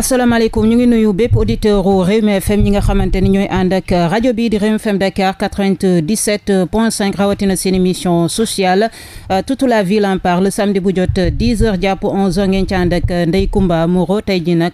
asalaamaaleykum ñu ngi nuyu bépp auditeur u Rewmi FM ñi nga xamante ni ñooy ànd ak rajo bi di Rewmi FM Dakar 97 point 5 rawatina seen émission sociale euh, toute la ville en le samedi bu jot 10 jàpp 11 heures ngeen ci ànd ak Ndeye Comba Moreau tey ji nag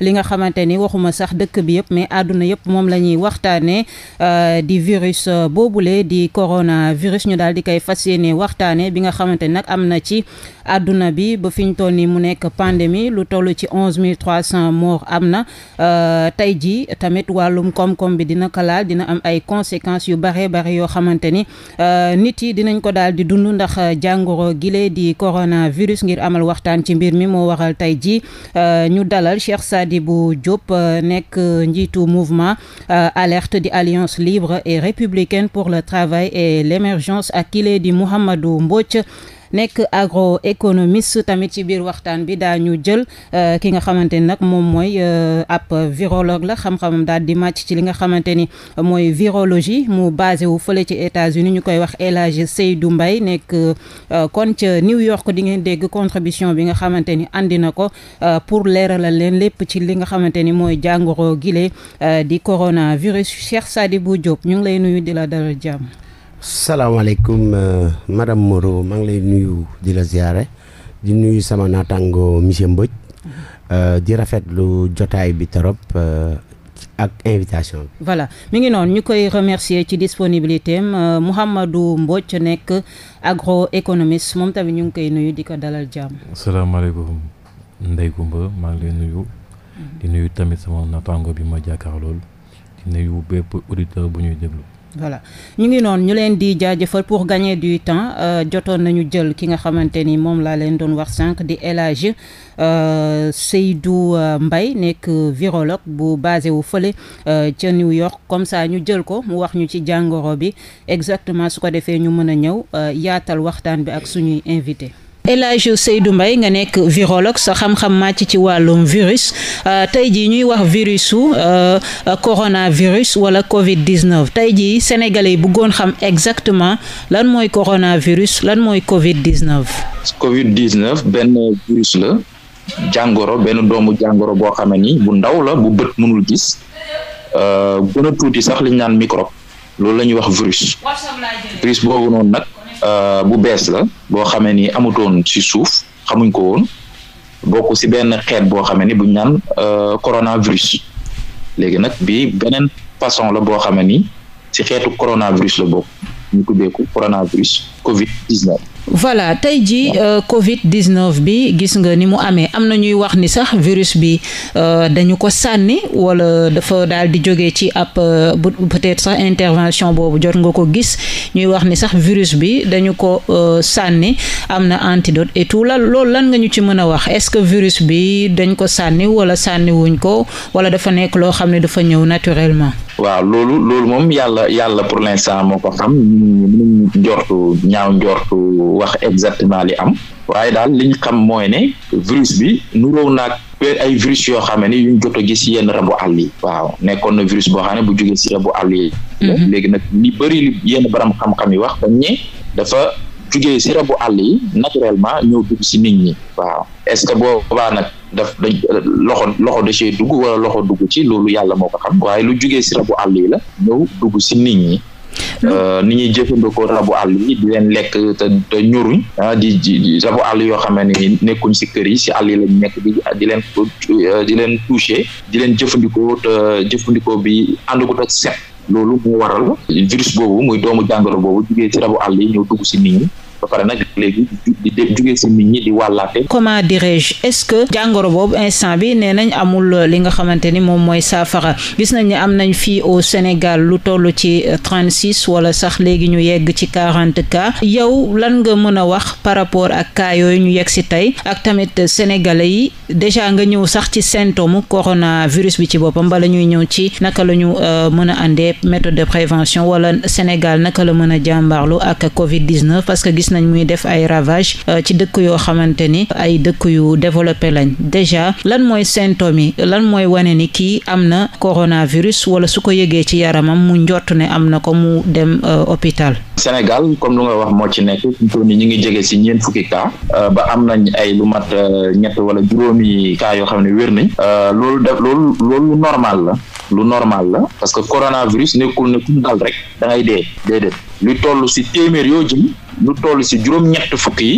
li nga xamante ni waxuma sax dëkk bi yëpp mais adduna yëpp moom la ñuy waxtaane euh, di virus boobule di coronavirus ñu daal di koy fas yéene waxtaane bi nga xamante ni am na ci adduna bi ba fi ñu toll ni mu nekk pandémie lu toll ci 11 300 mort am na euh, tey jii tamit wàllum koom-koom bi dina ko laal dina am ay conséquences yu bare bare yoo xamante ni euh, nit yi dinañ ko daal di dund ndax euh, jàngoro gile di coronavirus ngir amal waxtaan ci mbir mi moo waxal tey jii ñu dalal Cheikh Sadibou Diop nekk njiitu mouvement alerte di alliance libre et républicaine pour le travail et l'émergence ak kile di Mouhamadou Mbodj nekk agro agroéconomiste tamit ci biir waxtaan bi daañu ñu jël euh, ki nga xamante ni nag moom mooy euh, ab virologue la xam-xamam daal di màcc ci li nga xamante ni mooy virologie mu basé wu fële ci États-Unis ñu koy wax El Hadji Seydou mbay nekk euh, kon ca New York di ngeen dégg contribution bi nga xamante ni andi na ko pour leeralal leen lépp ci li nga xamante ni mooy jàngoro gile di coronavirus Cheikh bu Diop ñu ngi lay nuyu di la dara jàmm salaamaaleykum euh, madame Moreau maa ngi lay nuyu di la ziare di nuyu sama naataango monsieur Mbodj euh, di rafetlu jotaay bi torop euh, ak invitation voilà mi ngi noonu ñu koy remercier ci disponibilité am Mouhamadou Mbodj nekk agroéconomiste moom tamit ñu ngi koy nuyu di ko dalal jàmm. salaamaaleykum Ndeye Comba maa ngi lay nuyu. Mhm. di nuyu tamit sama naataango bi ma jàkkaar lool di nuyu bépp auditeur bu ñuy déglu. voilà ñu ngi noonu ñu leen di jaajëfal pour gagner du temps euh, jotoon nañu jël ki nga xamante ni moom laa leen doon wax sànq di El Hadji euh, Seydou euh, mbay nekk virologue bu basé wu fële ca New York comme ça ñu jël ko mu wax ñu ci jàngoro bi exactement su ko defee ñu mën a ñëw yaatal waxtaan bi ak suñuy invité El Hadj Seydou mbay nga nekk virologue sa xam-xam màcc ci wàllum virus euh, tey jii ñuy wax virusu euh, coronavirus wala Covid 19 tey jii sénégalais yi bëggoon xam exactement lan mooy coronavirus lan mooy Covid 19. Covid 19 benn virus la jàngoro benn doomu jàngoro boo xamee ni bu ndaw la bu bët mënul gis euh, gën a tuuti sax li naan microbe loolu la ñuy wax virus virus boobu noonu nag. Euh, bu bees la boo xamee ni amutoon ci suuf xamuñ ko woon bokk ci benn xeet boo xamee ni buñ naan euh, coronavirus léegi nag bi beneen façon la boo xamee ni ci xeetu coronavirus la bokk ñu tuddee coronavirus covid 19 voilà tey jii euh, Covid 19 bi gis nga ni mu amee am na ñuy wax ni sax virus bi euh, dañu ko sànni wala dafa daal di jóge ci ab euh, peut-être sax intervention boobu jot nga ko gis ñuy wax ni sax virus bi dañu ko sànni am na antidote et tout la loolu lan nga ñu ci mën a wax est-ce que virus bi dañ ko sànni wala sànniwuñ ko wala dafa nekk loo xam ne dafa ñëw naturellement. waaw loolu loolu moom yàlla yàlla pour l'instant moo ko xam mënuñ njortu ñaaw njortu wax exactement li am waaye daal liñ xam mooy ne virus bi nuróo naag ay virus yoo xam ne yuñ jot a gis yenn rabu àll yi waaw nekkoon na virus boo xam ne bu jógee si rabu àll yi mhm. léegi nag li bëri li yenn borom xam-xam yi wax dañ ni dafa jugee si rabu àll yi naturellement ñëw dugg si nit ñi waaw est-ce que boobaa nag daf dañ loxo loxo dese dugg wala loxo dugg ci loolu yàlla moo ko xam waaye lu jugee si rabu àll yi la ñëw dugg si nit ñi euh, ni ñuy jëfandikoo rabu àll yi di lekk te te ah, di di rabu àll yoo xam ne ni nekkuñ si kër yi si àll yi lañ nekk di di leen euh, di leen touché di leen jëfandikoo te jëfandikoo bi àndagut ak set loolu mu waral virus boobu muy doomu jàngoro boobu jugee si rabu àll yi ñëw dugg si nit ñi ba pare comment dirais-je est-ce que jàngoro boobu instant bi nee nañ amul euh, li nga xamante ni moom mooy saafara gis nañ ne am nañ fii au Sénégal lu toll ci euh, trente six wala sax léegi ñu yegg ci quarante cas yow lan nga mën a wax par rapport ak cas yooyu ñu yegg si tey ak tamit sénégalais yi déjà nga ñëw sax ci symptôme coronavirus bi ci boppam bala ñuy ñëw ci naka la ñu euh, mën a àndee méthode de prévention wala Sénégal naka la mën a jàmbaarlu ak Covid 19 nañ muy def ay ravage euh, ci dëkk yoo xamante ni ay dëkk yu développé lañ déjà lan mooy symptômes yi lan mooy wane ni kii am na coronavirus wala su ko yëgee ci yaramam mu njott ne am na ko mu dem euh, hôpital. Sénégal comme lu nga wax moo ci nekk ni ñu ngi jege si ñeent fukki cas euh, ba am nañ ay lu mat ñett wala juróomi cas yoo xam ne wér nañ loolu def loolu loolu normal la lu normal la parce que coronavirus nekkul ne ku dal rek da ngay dee déedéet lu toll si téeméer lu toll si juróom-ñett fukk yi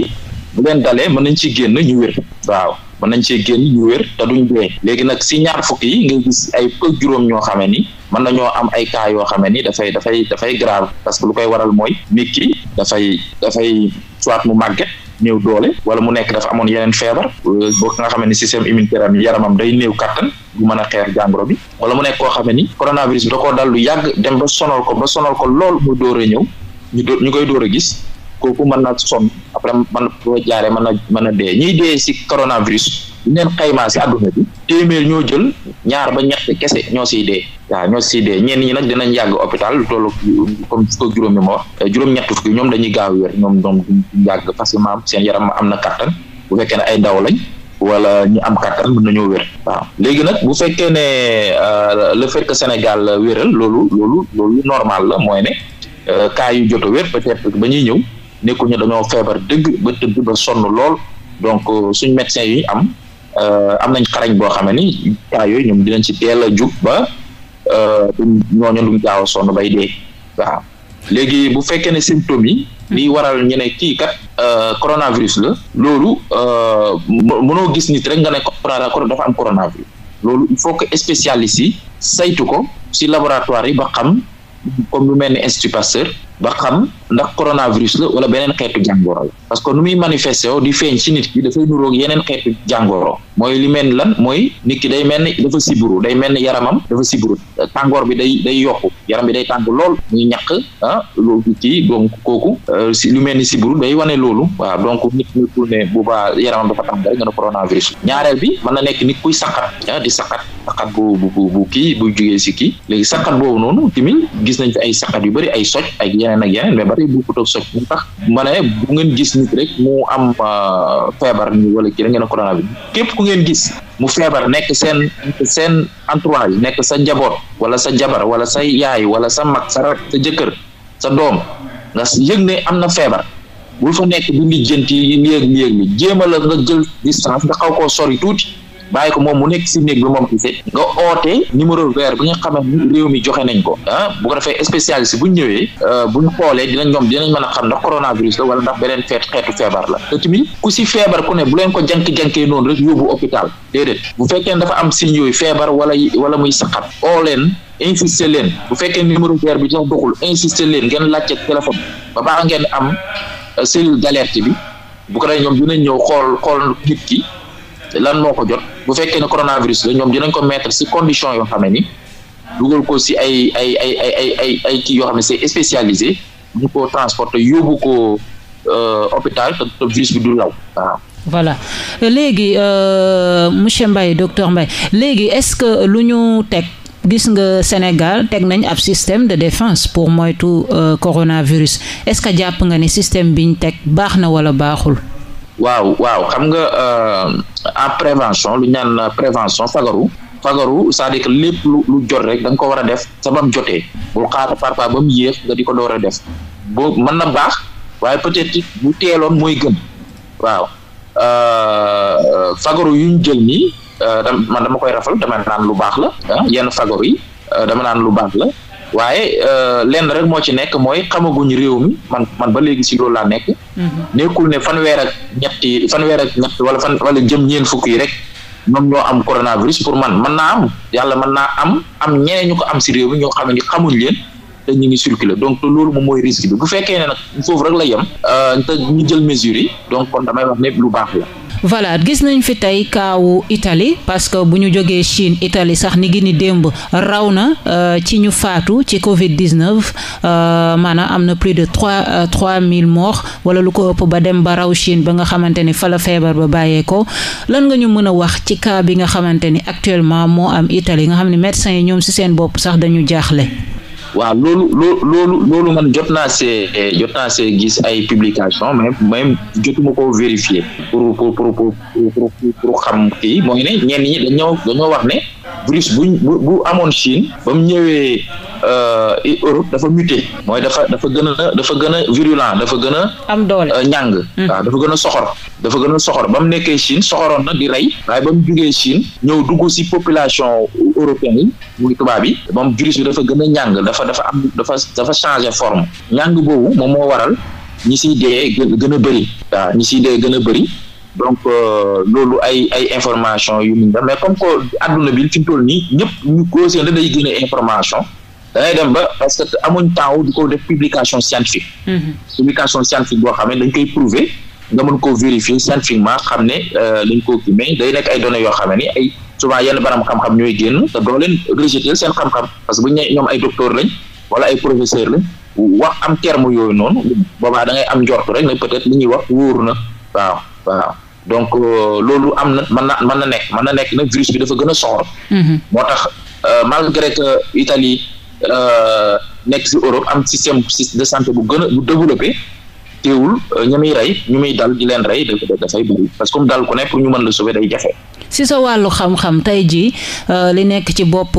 bu leen dalee mën nañ ciy génn ñu wér waaw mën nañ cee génn ñu wér te duñ dee léegi nag si ñaar fukk yi nga gis ay peu juróom ñoo xamee ni mën nañoo am ay cas yoo xamee ni dafay dafay dafay grave parce que lu koy waral mooy nit ki dafay dafay soit mu màgget néew doole wala mu nekk dafa amoon yeneen feebar euh, boo nga xamee ni système immunitaire am yaramam day néew kattan bu mën a xeer jàngoro bi wala mu nekk koo xamee ni coronavirus bi da koo dal lu yàgg dem ba ko ba sonal ko lool mu dóor a ñëw ñu koy dóor a gis kooku mën na sonn après mën na jaaree na mën a dee ñiy dee si coronavirus ñu leen xaymaa si àdduna bi téeméer ñoo jël ñaar ba ñett kese ñoo siy dee waaw ñoo siy dee ñenn ñi nag dinañ yàgg hôpital lu toll comme juróom eh, yi ma wax juróom-ñett fukki ñoom dañuy gaaw wér ñoom ñoom duñ yàgg facilement seen yaram am na kàttan bu fekkee ne ay ndaw lañ wala ñu am kàttan mën nañoo wér waaw léegi nag bu fekkee ne euh, le fekk que Sénégal wéral loolu loolu loolu normal la mooy ne euh, cas yu jot a wér peut ba ñuy ñëw ñu dañoo feebar dëgg ba tëdd ba sonn lool donc euh, suñ médecin yi am euh, am nañ xarañ boo xam ni cas yooyu ñoom dinañ ci teel a jug ba euh, duñ ñooñu duñ gaaw a sonn bay dee waaw léegi bu fekkee ne symptômes yi. Hmm. liy waral ñu ne kii kat coronavirus la. loolu mënoo gis nit rek nga ne corona dafa am coronavirus. loolu il faut que spécialistes yi saytu ko ci laboratoire yi ba xam comme lu mel ni Institut Pasteur ba xam ndax coronavirus la wala beneen xeetu jàngoro la parce que nu muy manifesté woo di feeñ ci nit ki dafay nuroog yeneen xeetu jàngooro mooy li mel lan mooy nit ki day mel ni dafa siburu day mel ni yaramam dafa siburu tàngoor bi day day yokku yaram bi day tàng lool muy ñàkk ah loolu kii donc kooku euh, si lu mel ni siburu day wane loolu waaw donc nit ñu tul ne bu baa yaramam dafa tàng rek nga ne coronavirus ñaareel bi mën a nekk nit kuy sakkat ah di sakkat sakkat bu bu bu kii bu jugee si kii léegi sakkat boobu noonu tamit gis nañ fi ay sakkat yu bëri ay soj yeneen ak yeneen mais ba tey bokkut ak socc mu tax ma ngeen gis nit rek mu am euh, feebar ni wala kii da ngeen a coronavirus képp ku ngeen gis mu feebar nekk seen seen entourage nekk sa njaboot wala sa jabar wala sa yaay wala sa mag sa rak sa jëkkër sa doom nga yëg ne am na feebar bul fa nekk di lijjanti li yëg li yëg li jéem a nga jël distance nga xaw koo sori tuuti bàyyi ko moom mu nekk si néeg bi moom kese nga oote numéro vert bu ñu xamante ni réew mi joxe nañ ko ah bu ko defee spécialiste bu ñu ñëwee euh, bu ñu xoolee dinañ ñoom dinañ mën a xam ndax coronavirus la wala ndax beneen feet xeetu feebar la te tamit ku si feebar ku ne bu leen ko jank-jankee noonu rek yóbbu hôpital déedéet bu fekkee dafa am si signe yooyu feebar wala wala muy saqat oo leen insister leen bu fekkee numéro vert bi sax doxul insister leen ngeen laajte téléphone ba baax ngeen am euh, cellule d'alerte bi bu ko defee ñoom dinañ ñëw xool xool ki lan moo ko jot bu fekkee ne coronavirus la ñoom dinañ ko mettre si condition yoo xam ne ni dugal ko si ay ay ay ay ay ay kii yoo xam ne c'est spécialisé ko transporter yóbbu ko euh, hôpital te virus bi du law waaw. voilà léegi euh, monsieur mbay docteur mbay léegi est-ce que lu ñu teg gis nga Sénégal teg nañ ab système de défense pour moytu euh, coronavirus est-ce que jàpp nga ni système bi ñu teg baax na walla baaxul. waaw waaw xam nga euh, en prévention lu ñaan euh, prévention fagaru fagaru c'est-à-dire lépp lu lu jot rek da ko war a def sa jotee bul xaar parfois ba mu yéex nga di ko door a def bo mën na baax waaye peut-être bu teeloon mooy gën waaw euh, fagaru yu ñu jël nii man dama koy rafal dama naan lu baax la yenn fagaru yi dama naan lu baax la waaye euh, lenn rek moo ci nekk mooy xamaguñu réew mi man man ba léegi si loolu laa nekk. Mhm. nekkul ne fanweer ak ñetti fanweer ak ñett wala fan wala jëm ñeen fukk yi rek ñoom ñoo am coronavirus pour man mën naa am yàlla mën naa am am ñeneen ñu ko am si réew mi ñoo xam ni xamuñ leen. te ñu ngi circuler donc loolu moom mooy risque bi bu fekkee ne nag foofu rek la yem euh, te ñu jël mesures donc kon damay wax ne baax la. voilà gis nañ fi tey kaawu itali parce que bu ñu jógee Chine itali sax ni gi ni démb raw na euh, ci ñu faatu ci Covid 19 euh, maanaam am na plus de trois euh, trois mille morts wala lu ko ëpp ba dem ba raw Chine ba nga xamante ni fa la feebar ba bàyyeekoo lan nga ñu mën a wax ci cas bi nga xamante ni actuellement moo am Italie nga xam ne médecins yi ñoom si seen bopp sax dañu jaaxle. waaw loolu loo loolu loolu man jot naa see eh, jot naa see gis ay publication mais même jotuma ko vérifier pour pour pour pour pour xam kii mooy ne ñenn ñi dañoo dañoo wax ne virus bu bu amoon Chine ba mu ñëwee euh, Europe dafa muté mooy dafa dafa gën a dafa gën a virulent dafa gën a. am doole euh, ñàng. Hmm. waaw dafa gën a soxor dafa gën a soxor ba mu nekkee Chine soxoroon na di rey waaye ba mu jugee Chine ñëw dugg si population européenne yi muy tubaab yi moom virus bi dafa gën a ñàng dafa dafa am dafa dafa changé forme ñàng boobu moom moo waral ñi siy dee gën a bëri waaw ñi siy dee gën a bëri. donc euh, loolu ay ay information yu ñu def mais comme que adduna bi fi mu toll nii ñëpp ñu ko seen da day génne information dangay dem ba parce que amuñ temps di ko def publication scientifique mhm. publication scientifique boo xam dañ koy prouver nga mën ko vérifier scientifiquement xam ne dañ euh, koo kii day nekk ay données yoo xam ni ay souvent yenn baram xam-xam ñooy génn te doo seen xam-xam parce que bu ñu nee ñoom ay docteur lañ wala ay professeur lañ yooyu noonu boobaa da am njort rek ne peut-être li ñuy wax na waaw donc euh, loolu am na mën na mën na nekk mën na nekk na virus bi dafa gën a soxor. Mhm. moo tax euh, malgré que Italie euh, nekk ci Europe am système de santé bu gën a bu développé. teewul ñu muy ñu muy dal di leen rey dafay bëri parce que comme dal ku ne pour ñu mën la sauver day jafe. si sa wàllu xam-xam tey jii li nekk ci bopp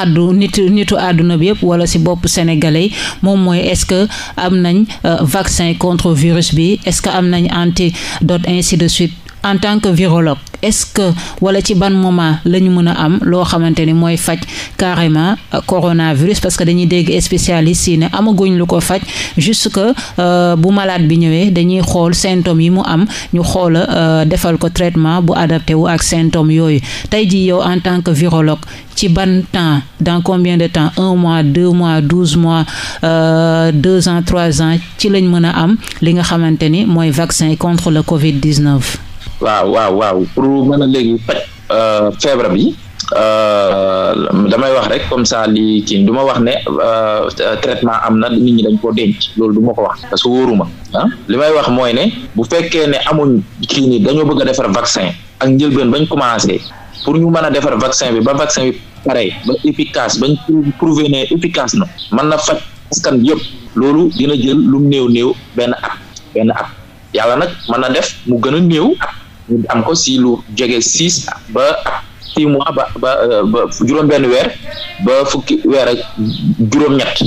àddu nit nitu àdduna bi yëpp wala si bopp sénégalais moom mooy est-ce que am nañ vaccin contre virus bi est-ce que am nañ antidote ainsi de suite en tant que virologue est-ce que wala ci ban moment la ñu mën a am loo xamante ni mooy faj carrément euh, coronavirus parce que dañuy dégg spécialiste yi ne amaguñ lu ko faj juste que euh, bu malaat bi ñëwee dañuy xool symptômes yi mu am ñu xoola euh, defal ko traitement bu adapté wu ak symptômes yooyu tey ji yow en tant que virologue ci ban temps dans combien de temps un mois deux mois douze mois euh, deux ans trois ans ci lañ mën a am li nga xamante ni mooy vaccin contre le Covid-19 waaw waaw waaw pour mën a léegi faj euh, feebar bi euh, damay wax rek comme ça li kii duma wax ne euh, traitement am na nit ñi dañ koo denc loolu duma ko wax parce que wóoruma ah li may wax mooy ne bu fekkee ne amuñ kii ni dañoo bëgg a defar vaccin ak njëlbeen bañ commencé pour ñu mën a defar vaccin bi ba vaccin bi pare ba efficace bañ prouvé ne efficace na man na faj askan bi yëpp loolu dina jël lu mu néew néew benn at benn at yàlla nag mën na def mu gën a néew ñu am ko si lu jege six ba six mois ba ba euh, ba juróom-benn weer ba fukki weer ak juróom-ñett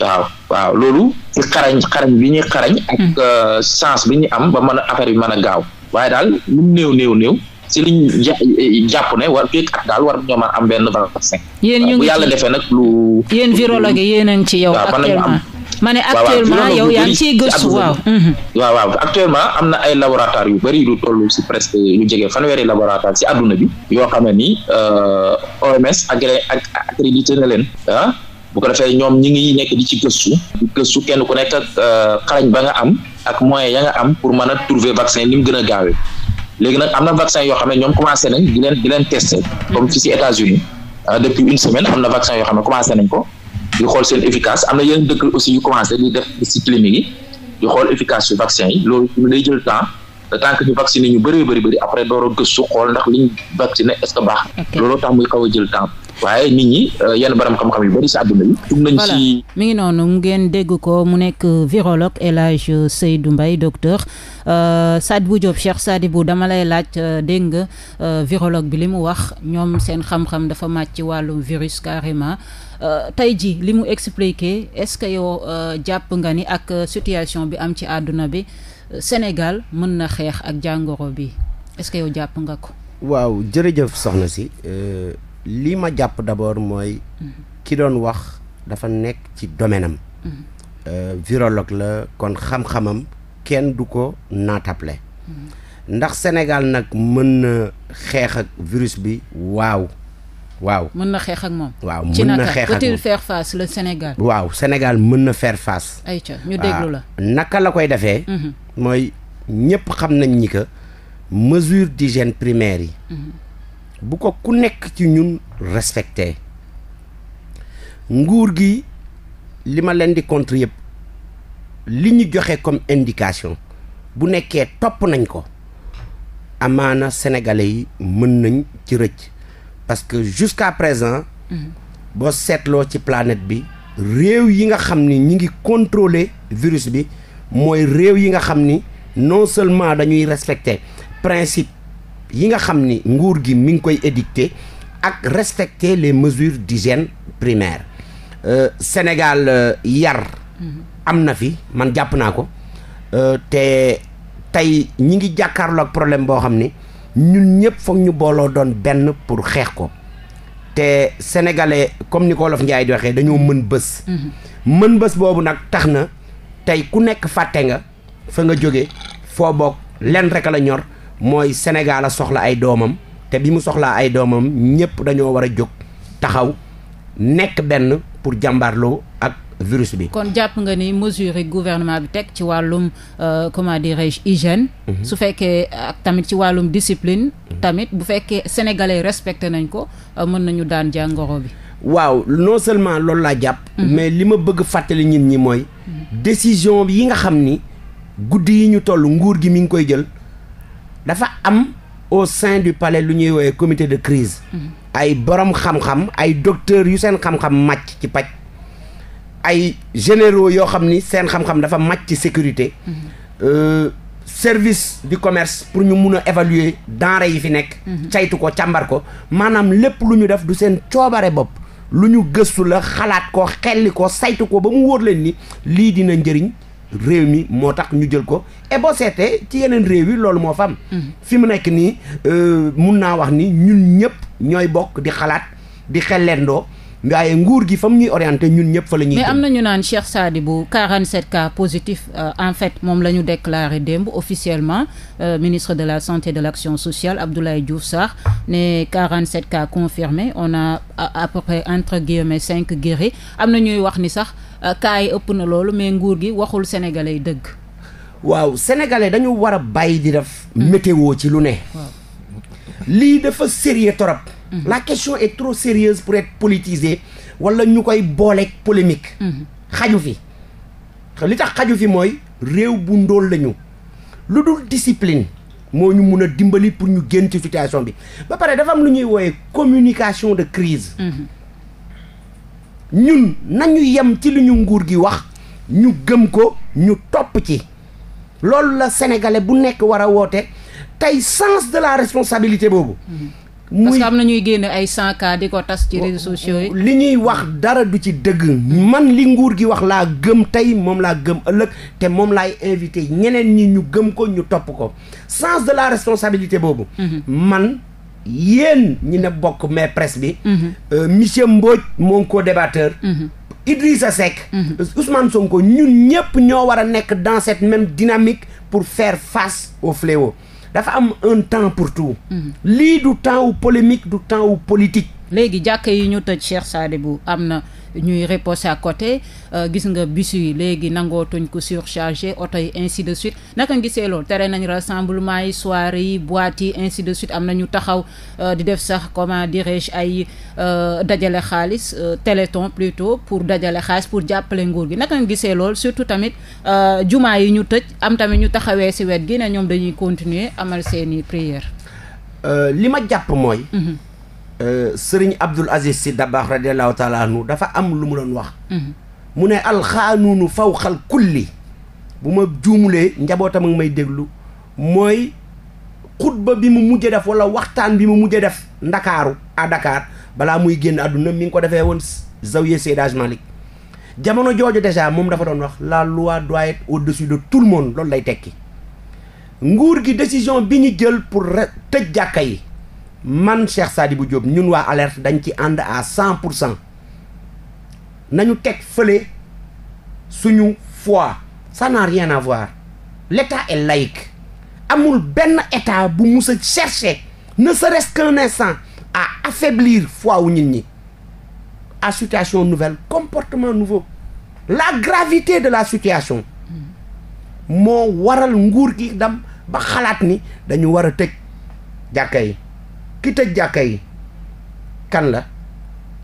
waaw waaw loolu ci xarañ xarañ bi ñuy xarañ. ak hmm. euh, sens bi ñuy am ba mën a affaire bi mën a gaaw waaye daal lu néew néew néew. si liñ eh, jàpp ne war fii kat daal war ñoo mën am benn vaccin. yéen ñu ngi bu yàlla defee nag lu. yéen virologue yéen a ngi ci yow actuellement ma ne actuellement yow yaa ngi ciy gëstu waaw waaw actuellement am na ay laboratoire yu bëri lu toll si presque lu jege fanweeri laboratoire si àdduna bi yoo xam ne ni euh, OMS agré ak accrédité na leen ah bu ko defee ñoom ñi ngi nekk di ci gëstu di kenn ku nekk ak euh, xarañ ba nga am ak moyen ya nga am pour mën a trouver vaccin li mu gën a gaawee léegi nag am na vaccin yoo xam ne ñoom commencé nañ di leen di leen testé comme fii si États-Unis ah, depuis une semaine am na vaccin yoo xam ne commencé nañ ko di xool seen efficace am na yeneen dëkk aussi yu commencé di def ci clinique yi di xool efficace yu vaccin yi loolu day jël temps le que ñu vacciné ñu bëree bëri bëri après door a gëstu xool ndax liñ vacciné est ce que baax looloo tax muy xaw a jël temps waaye nit ñi euh, yenn borom xam-xam yu bëri si àdduna bi. dugg nañ ci mi ngi noonu ngeen dégg ko mu nekk virologue El Hadj Seydou Mbaye docteur. Euh, Sadibou Diop Cheikh Sadibou dama lay laaj euh, dégg nga euh, virologue bi li mu wax ñoom seen xam-xam dafa màcc ci wàllum virus carrément tey ji li mu expliqué est-ce que yow jàpp nga ni ak situation bi am ci àdduna bi Sénégal mën na xeex ak jàngoro bi est-ce que jàpp nga ko. waaw jërëjëf soxna si. li ma jàpp d'abord mooy. Mhm. ki doon wax dafa nekk ci domaine am. Mhm. virologue la kon xam-xamam. kenn du ko naatable ndax Sénégal nag mën na xeex ak virus bi waaw waaw mën na xeex ak moom. waaw mën na xeex ak moom peut-il waaw Sénégal mën na faire face. ayca ñu déglu la naka la koy defee. Mhm. mooy ñëpp xam nañ ni que mesure d'hygiène primaire yi. Mhm. bu ko ku nekk ci ñun respecte nguur gi li ma leen di contre yëpp li ñu joxe comme indication bu nekkee topp nañ ko amaana sénégalais yi mën nañ ci rëcc parce que jusqu'à présent boo seetloo ci planète bi réew yi nga xam ni ñu ngi contrôler virus bi mooy réew yi nga xam ni non seulement dañuy respecter principe yi nga xam ni nguur gi mi ngi koy édicté ak respecter les mesures d'hygiène primaire euh, Sénégal euh, yar mm-hmm. am na fi man jàpp naa ko euh, te tey ñi ngi jàkkaarloo ak problème boo xam ne ñun ñëpp foog ñu booloo doon benn pour xeex ko te sénégalais comme ni ko wolof Njaay di waxee dañoo mën bës mhm. mën bës boobu nag tax na tey ku nekk fàtte nga fa nga jóge foo bokk lenn rek la ñor mooy Sénégal a soxla ay doomam te bi mu soxlaa ay doomam ñëpp dañoo war a jóg taxaw nekk benn pour jàmbaarloo ak virus bi. kon jàpp nga ni mesures yi gouvernement bi teg ci wàllum euh, comment dirais-je hygiène. Mhm. su fekkee ak tamit ci wàllum disipline mhm. tamit bu fekkee sénégalais respecté nañ ko euh, mën nañu daan jàngoro bi. waaw non seulement loolu laa jàpp. Mhm. mais li ma bëgg fàttali nit ñi mooy. décision yi nga xam ni guddi yi ñu toll nguur gi mi ngi koy jël dafa am au sein du palais lu ñuy woowee comité de crise ay borom xam-xam ay docteurs yu seen xam-xam màcc ci pac ay généraux yoo xam ni seen xam-xam dafa màcc ci sécurité mhm. euh, service du commerce pour ñu mun a évaluer denrée yi fi nekk saytu mhm. ko càmbar ko maanaam lépp lu ñu def du seen coobare bopp lu ñu gëstu la xalaat ko xelli ko saytu ko ba mu wóor leen ni lii dina njëriñ réew mi moo tax ñu jël ko et ci yeneen réew yi loolu moo fam mhm. fi mu nekk nii euh, mun naa wax ni ñun ñëpp ñooy bokk di xalaat di xelleendoo waaye nguur gi fa mu ñuy orienté ñun ñëpp fa la ñuy. mais am na ñu euh, en fait moom la ñu déclaré démb officiellement euh, ministre de la santé et de l' action sociale Abdoulaye Diouf Sarr ne 47 cas confirmés on a à peu entre guillemets cinq guéris am na ñuy wax ni sax kaa euh, yi ëpp na loolu mais nguur gi waxul sénégal yi dëgg. waaw sénégalais dañu war a bàyyi di def. Hmm. météo ci lu ne. lii dafa sérieux torop la question est trop sérieuse pour être politisée wala ñu koy booleeg polémique. Mhm. xaju fi li tax xaju fi mooy réew bu ndóol lañu lu dul discipline moo ñu mun a dimbali pour ñu génn ci situation bi ba pare dafa am lu ñuy wooyee communication de crise mhm. ñun nañu yem ci li ñu nguur gi wax ñu gëm ko ñu topp ci loolu la sénégalais bu nekk war a woote tey sens de la responsabilité boobu mhm. muy am na ñuy génne ay 100 cas di ko tas ci réseaux sociaux yi. li ñuy wax dara du ci dëgg man li nguur gi wax laa gëm tey moom laa gëm ëllëg te moom laay invité ñeneen ñi ñu gëm ko ñu topp ko sens de la responsabilité boobu. Mhm. man yéen ñi ne bokk mais presse bi. Mhm. Euh, monsieur Mbodj mon co-débatteur. Mhm. Idrissa Seck. Ousmane Sonko ñun ñëpp ñoo war a nekk dans cette même dynamique pour faire face au fléau. dafa am un temps pour tout. Mm-hmm. lii du temps wu polémique du temps wu politique. léegi jàkka yi ñu tëj Cheikh Sadibou am na. ñuy reposé à côté euh, gis nga bus yi léegi nangootuñ ko surchargé oto yi ainsi de suite naka ngisee loolu tere nañ rassemblement yi soir yi boîte yi ainsi de suite am na ñu taxaw euh, di def sax comment dirais-je ay euh, dajale xaalis téléthon plutôt pour dajale xaalis pour jàppale nguur gi naka nga gisee lool surtout tamit jumaa yi ñu tëj am tamit ñu taxawee si wet gi ne ñoom dañuy continuer amal seeni prière li ma jàpp mooy mhm. Euh, sëriñ Abdul Aziz si Dabaax radiallahu taala anhu dafa am lu mu doon wax mhm. mu ne alxaanuunu fawqal kulli bu ma juumulee njabootam ak may déglu mooy xutba bi mu mujj def wala waxtaan bi mu mujj def ndakaaru à Dakar balaa muy génn àdduna mi ngi ko defee woon zawiya Seydi Hadji jamono jooju déjà moom dafa doon wax laa luwaa doit être au-dessus de tout le loolu lay tekki nguur gi décision bi ñu jël pour tëj jàkka yi man Cheikh bu Diop ñun waa alerte dañu ci ànd à cent pour cent nañu teg fële suñu foi ça n'a rien à voir l'état est laïque amul benn état bu musa a chercher ne serait-ce qu'un à affaiblir foi wu nit ñi à situation nouvelle comportement nouveau la gravité de la situation moo waral nguur gi dam ba xalaat ni dañu war a tëj jàkka yi ki tëj jàkka yi kan la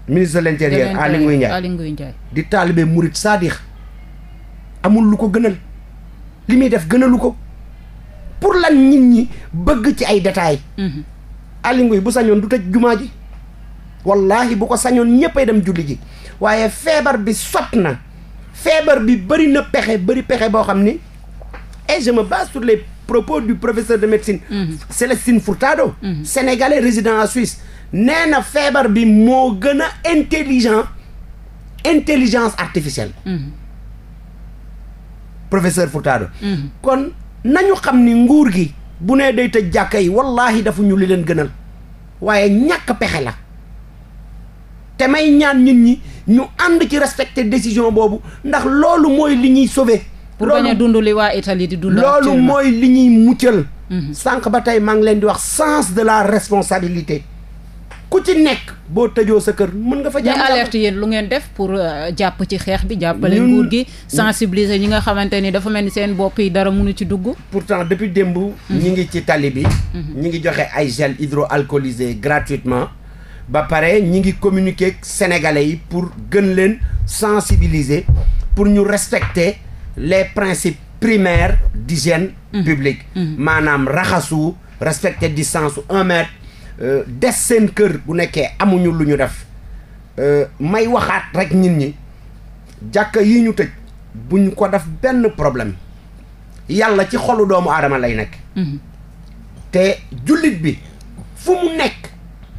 ministre de l'intérieur Aly Ngouille Ndiaye di taalibe murit saadix amul lu ko gënal li muy def gënalu ko pour lan nit ñi bëgg ci ay détails mhm. Aly bu sañoon du tëj jumaa ji wallahi bu ko sañoon ñëppay dem julli ji waaye feebar bi sot na feebar bi bëri na pexe bari pexe boo xam ni Et je me base sur les propos du professeur de médecine mhm. Célestine Furtado mhm. sénégalais résident en Suisse nee na feebar bi moo gën a intelligent intelligence artificielle mhm. professeur Furtado kon nañu xam ni nguur gi bu nee day tëj jàkka yi wallaahi dafa ñu li leen gënal waaye ñàkk pexe la te may ñaan nit ñi ñu ànd ci respecter décision boobu ndax loolu mooy li ñuy sauver pour bañ a li waa Italie di dund loolu mooy li ñuy muccal mhm. sànq ba tey maa ngi leen di wax sens de la responsabilité ku ci nekk boo tëjoo sa kër mën nga fa jàpp mais yéen lu ngeen def pour euh, jàpp ci xeex bi jàppale nguur gi sensibiliser ñi nga xamante ni dafa mel ni seen bopp yi dara mënu ci dugg pourtant depuis démb mhm. ñi ngi ci tali bi mhm. ñi ngi joxe ay gel hydroalcoolisé gratuitement ba pare ñi ngi communique sénégalais yi pour gën leen sensibiliser pour ñu respecter les principes di d'hygiène mhm. publique mhm. maanaam raxasu respecter distance un mètre euh, des seen kër bu nekkee amuñu lu ñu def euh, may waxaat rek nit ñi jàkka yi ñu tëj ñu ko def benn problème yàlla ci xolu doomu aadama lay nekk mhm. te jullit bi fu mu nekk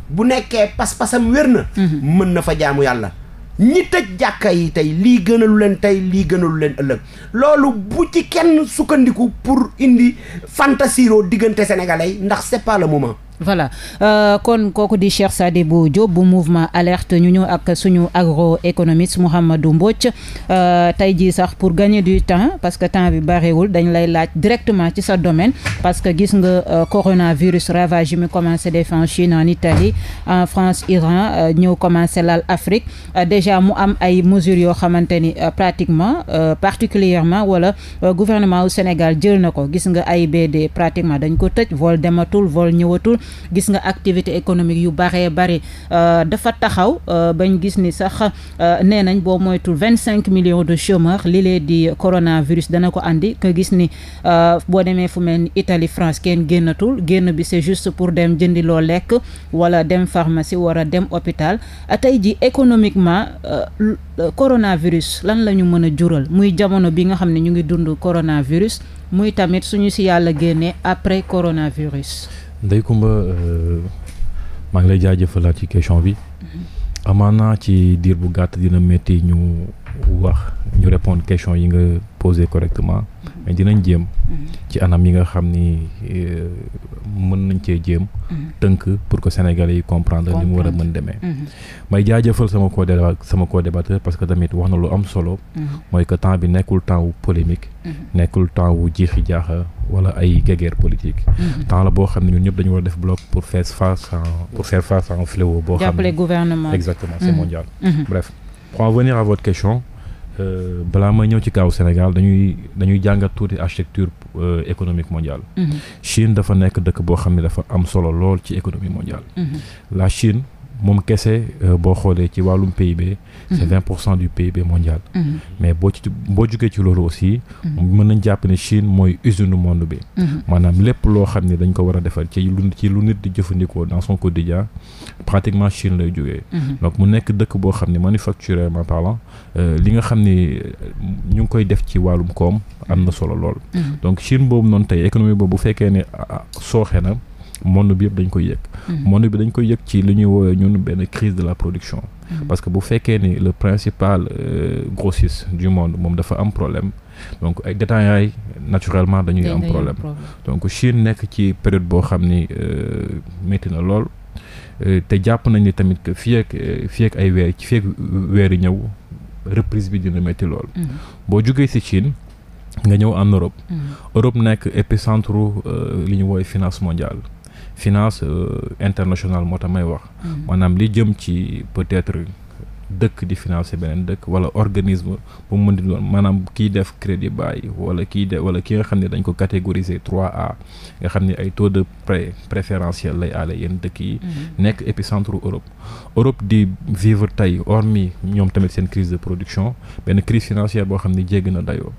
bu nekkee pas-pasam wér na mën na fa jaamu yàlla ñi tëj jàkka yi tey lii gënalu leen tey lii gënalu leen ëllëg loolu bu ci kenn sukkandiku pour indi fantasiro diggante sénégalais ndax c'est pas le voilà euh, kon kooku di Cheikh Sadibou Diop bu mouvement alerte ñu ñëw ak suñu agro agroéconomiste Mouhamadou Mbodj euh, tey jii sax pour gagner du temps parce que temps bi bariwul dañ lay laaj directement ci sa domaine parce que gis nga euh, coronavirus ravage yi mu commencé def en Chine en Italie en France Iran ñëw commencé laal Afrique déjà mu am ay mesure yoo xamante ni pratiquement particulièrement wala gouvernement au Sénégal jël na ko gis nga AIBD pratiquement dañ ko tëj vol dematul vol ñëwatul gis nga activité économique yu baree bari euh, dafa taxaw euh, bañ gis ni sax euh, nee nañ boo moytul vingt cinq millions de chômeurs li lee di coronavirus dana ko indi ko gis ni boo demee fu mel ni Italie France kenn génnatul génn bi c'est juste pour dem jëndi loo lekk wala dem pharmacie wara dem hôpital tey ji économiquement coronavirus lan la ñu mën a jural muy jamono bi nga xam ne ñu ngi dund coronavirus muy tamit suñu si yàlla génnee après coronavirus Ndeye Comba euh, maa ngi lay jaajëfalaat ci question bi mhm. amaana ci diir bu gàtt dina métti ñu wax ñu répondre question yi nga posé correctement mm-hmm. mais dinañ jéem mm-hmm. ci anam yi nga xam ni euh, mën nañ cee jéem mm-hmm. tënk pour que sénégalais yi comprendre ni mu war mën demee may jaajëfal sama co débat sama co parce que tamit wax na lu am solo mooy que temps bi nekkul temps wu polémique nekkul temps wu jiixi jaaxa wala ay guerre politique temps la boo xam ne ñun ñëpp dañu war def bloc pour faire face à pour faire face à un fléau boo xam exactement c'est mondial pour en venir à votre question euh, balaa may ñëw ci kaaw Sénégal dañuy dañuy jàngat tuuti architecture euh, économique mondiale. Mhm. Chine dafa nekk dëkk boo xam ne dafa am solo lool ci économie mondiale. Mhm. la Chine moom kese euh, boo xoolee ci wàllum PIB. c'est mhm. vingt pour cent du PIB mondial. Mhm. mais boo ci boo jugee ci loolu aussi. Mhm. mën nañ jàpp Chine mooy usine du monde bi. maanaam lépp loo xam ne dañ ko war a defar ci lu ci lu nit di jëfandikoo dans son quotidien pratiquement Chine lay jógee. donc mu nekk dëkk boo xam ne manufacturièrement parlant euh, li nga xam ni euh, ñu ngi koy def ci wàllum koom am na solo lool. donc Chine boobu noonu tey économie boobu bu fekkee ne ah, ah, sooxee na. monde bi yëpp dañ koy yëkk mhm. monde bi dañ koy yëg ci li ñuy woowee ñun benn crise de la production. Mhm. parce que bu fekkee ni le principal euh, grossiste du monde moom dafa am problème. donc ay détaillants yi naturellement dañuy am problème donc Chine nekk ci période boo xam ni euh, métti na lool euh, te jàpp nañ ni tamit que fii ay weer ci fii ak weer yi ñëw reprise bi dina métti lool. Mhm. boo jugee si Chine nga ñëw en Europe. Europe nekk épicentre li ñu woowee finance mondiale. finance euh, internationale moo tax may wax. Mm-hmm. maanaam li jëm ci peut-être dëkk di financer beneen dëkk wala organisme bu mu mën di doon maanaam kiy def crédit bail wala kiy def wala ki nga xam ne dañ ko catégoriser 3A nga xam ne ay taux de prêt préférentiel lay aale yenn dëkk yi. Mm-hmm. nekk épicentre Europe. Europe di vivre tey hormis ñoom tamit seen crise de production benn crise financière boo xam ne jégg na dayoo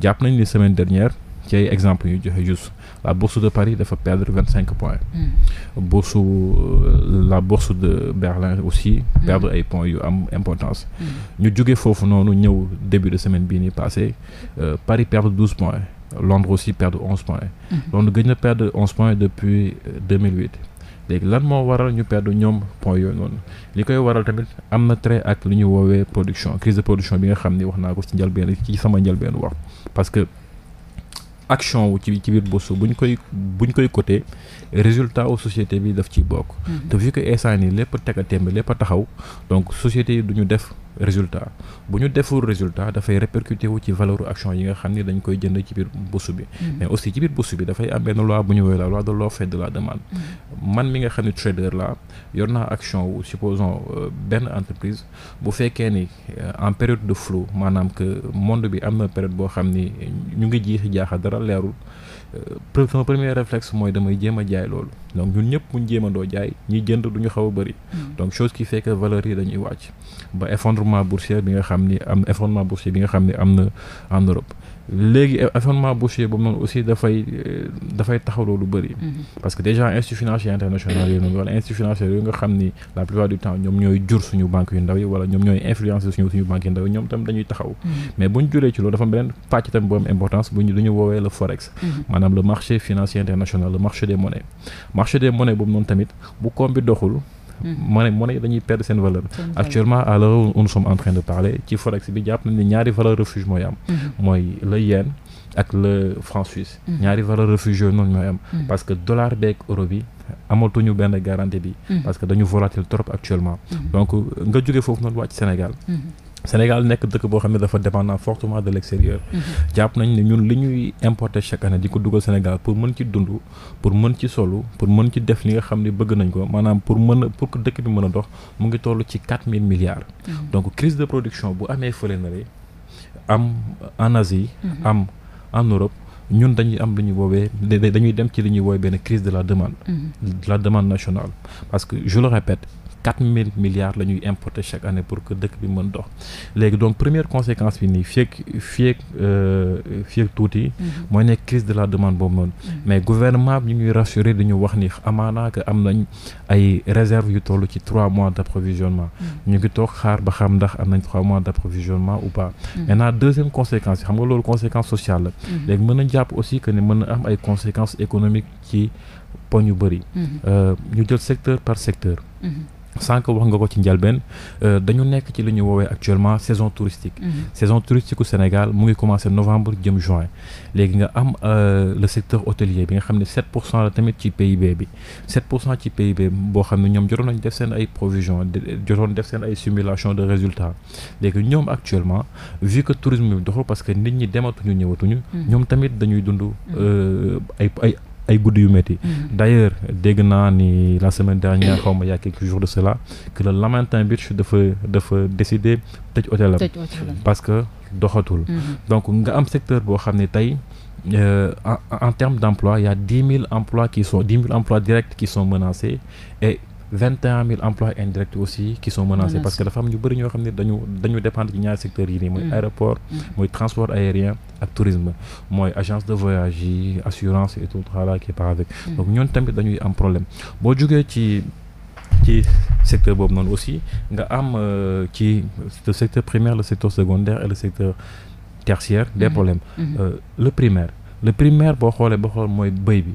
jàpp nañ ni semaine dernière. ci ay exemple yu joxe juste la bourse de Paris dafa perdre vingt cinq points hmm. bourse euh, la bourse de Berlin aussi hmm. perdre ay point yu am importance hmm. ñu jóge foofu noonu ñëw début de semaine bii ni passé euh, Paris perdre douze points Londres aussi perdre onze points Londres gën na perdre onze points depuis euh, deux mille huit léegi lan moo waral ñu perdre ñoom point yooyu noonu li koy waral tamit am na trait ak lu ñu woowee production crise de production bi nga xam ni wax naa ko ci njëlbeen ci sama njëlbeen action wu ci ci biir bourse buñ koy buñ koy côté résultat au société bi daf ciy bokk. Mhm. te vu que instant yi lépp teg a lépp a taxaw donc société yi du ñu def résultat bu ñu deful résultat dafay répercuté wu ci valeur action yi nga xam ne dañ koy jënd ci biir bourse bi. Mhm. mais aussi ci biir bourse bi dafay am benn loi bu ñu woowee la loi de l'offre et de la demande. Mhm. man mi nga xam ne trader la yor naa action wu supposons euh, benn entreprise bu fekkee ni euh, en période de flou maanaam que monde bi am na période boo xam ni ñu ngi jiixi jaaxa dara leerul. Euh, sama premier réflexe mooy damay jéem a jaay loolu donc ñun ñëpp muñ jéemandoo jaay ñi jënd du ñu xaw a bëri hmm. donc chose ki fekk que valeurs yi dañuy wàcc ba effondrement boursier bi nga xam ni am effondrement boursier bi nga xam ni am na en Europe léegi environnement boursier boobu noonu aussi dafay dafay taxawloo lu bëri. Mhm. parce que déjà institut financier international yooyu nga xam ni la plupart du temps ñoom ñooy jur suñu banque yu ndaw yi wala ñoom ñooy influence suñu suñu yu ndaw yi ñoom tam dañuy taxaw. Mhm. mais bu ñu juree ci loolu dafa am pàcc tam bu am importance bu ñu du ñu woowee le forex. Mhm. maanaam le marché financier international le marché des monnaies marché des monnaies boobu noonu tamit bu monnaie monnaie dañuy perdre seen valeur actuellement à l'heure où en train de parler ci forex bi jàpp nañ ne ñaari valeur refuge mooy am mm-hmm. mooy le yen ak le franc suisse mm-hmm. ñaari valeur refuge yooyu am mm-hmm. parce que dollar beeg euro bi amatuñu benn garantie bi parce que dañu volatile trop actuellement donc euh, nga jóge foofu noonu wàcc Sénégal Sénégal nekk dëkk boo xam ne dafa dépendant fortement de l'extérieur. Mhm. jàpp nañ ne ñun li ñuy importer chaque année di ko dugal Sénégal pour mën ci dund pour mën ci solu pour mën ci def li nga xam ne bëgg nañ ko maanaam pour mën a pour que dëkk bi mën a dox mu ngi toll ci quatre mille milliards. Mhm. donc crise de production bu amee fële na am en Asie. Mhm. am en Europe. ñun dañuy am lu ñu woowee dañuy dem ci li ñuy woowee benn crise de la demande. la demande nationale parce que je le quatre mille milliards la ñuy importer chaque année pour que dëkk bi mën dox léegi donc première conséquence bi nii fii euh, tuuti. Mhm. mooy nekk crise de la demande boobu noonu. Mhm. mais gouvernement bi ñu ngi rassuré dañu wax ni amaanaa que am nañ ay réserve yu toll ci trois mois d' approvisionnement. Mhm. ñu ngi toog xaar ba xam ndax am nañ trois mois d' approvisionnement ou pas. maintenant deuxième conséquence xam nga loolu conséquence sociale la. léegi mën na jàpp aussi que ne mën na am ay conséquences économiques ci poñ yu bëri. Euh, ñu jël par secteur. sànq wax nga ko ci njalbeen euh, dañu nekk ci li woowee actuellement saison touristique mhm. saison touristique au Sénégal mu ngi commencé novembre jëm juin léegi nga am euh, le secteur hôtelier bi nga xam ne 7 pour cent la tamit ci PIB bi 7 pour cent ci PIB boo xam ne ñoom jotoon nañ def seen ay provision jotoon def seen ay simulation de résultats léegi ñoom actuellement vu que tourisme bi doxul parce que nit ñi dematuñu ñëwatuñu mhm. ñoom tamit dañuy dund mhm. euh, ay guddi yu métti. Mm-hmm. d' dégg naa ni la semaine dernière xaw ma y' a quelques jours de cela que le Lamantin Beach dafa dafa décider tëj hôtelam. parce que doxatul. Mm-hmm. donc nga am secteur boo xam ne tey. Euh, en, en termes d'emploi, il y a 10 000 qui sont, 10 000 emplois directs qui sont menacés vingt et un mille emplois indirects aussi qui sont menacés parce que dafa am ñu bëri ñoo xam ne dañu dañu dépendre ci ñaari secteurs yi nii mooy mm. aéroport mm. mooy transport aérien ak tourisme mooy agence de voyage yi assurance et tout là qui part avec mm. donc ñoon tamit dañuy am problème boo jógee ci ci secteur boobu noonu aussi nga am euh, ci le secteur primaire le secteur secondaire et le secteur tertiaire des mm-hmm. problèmes mm-hmm. Euh, le primaire le primaire boo xoolee boo xool mooy béy bi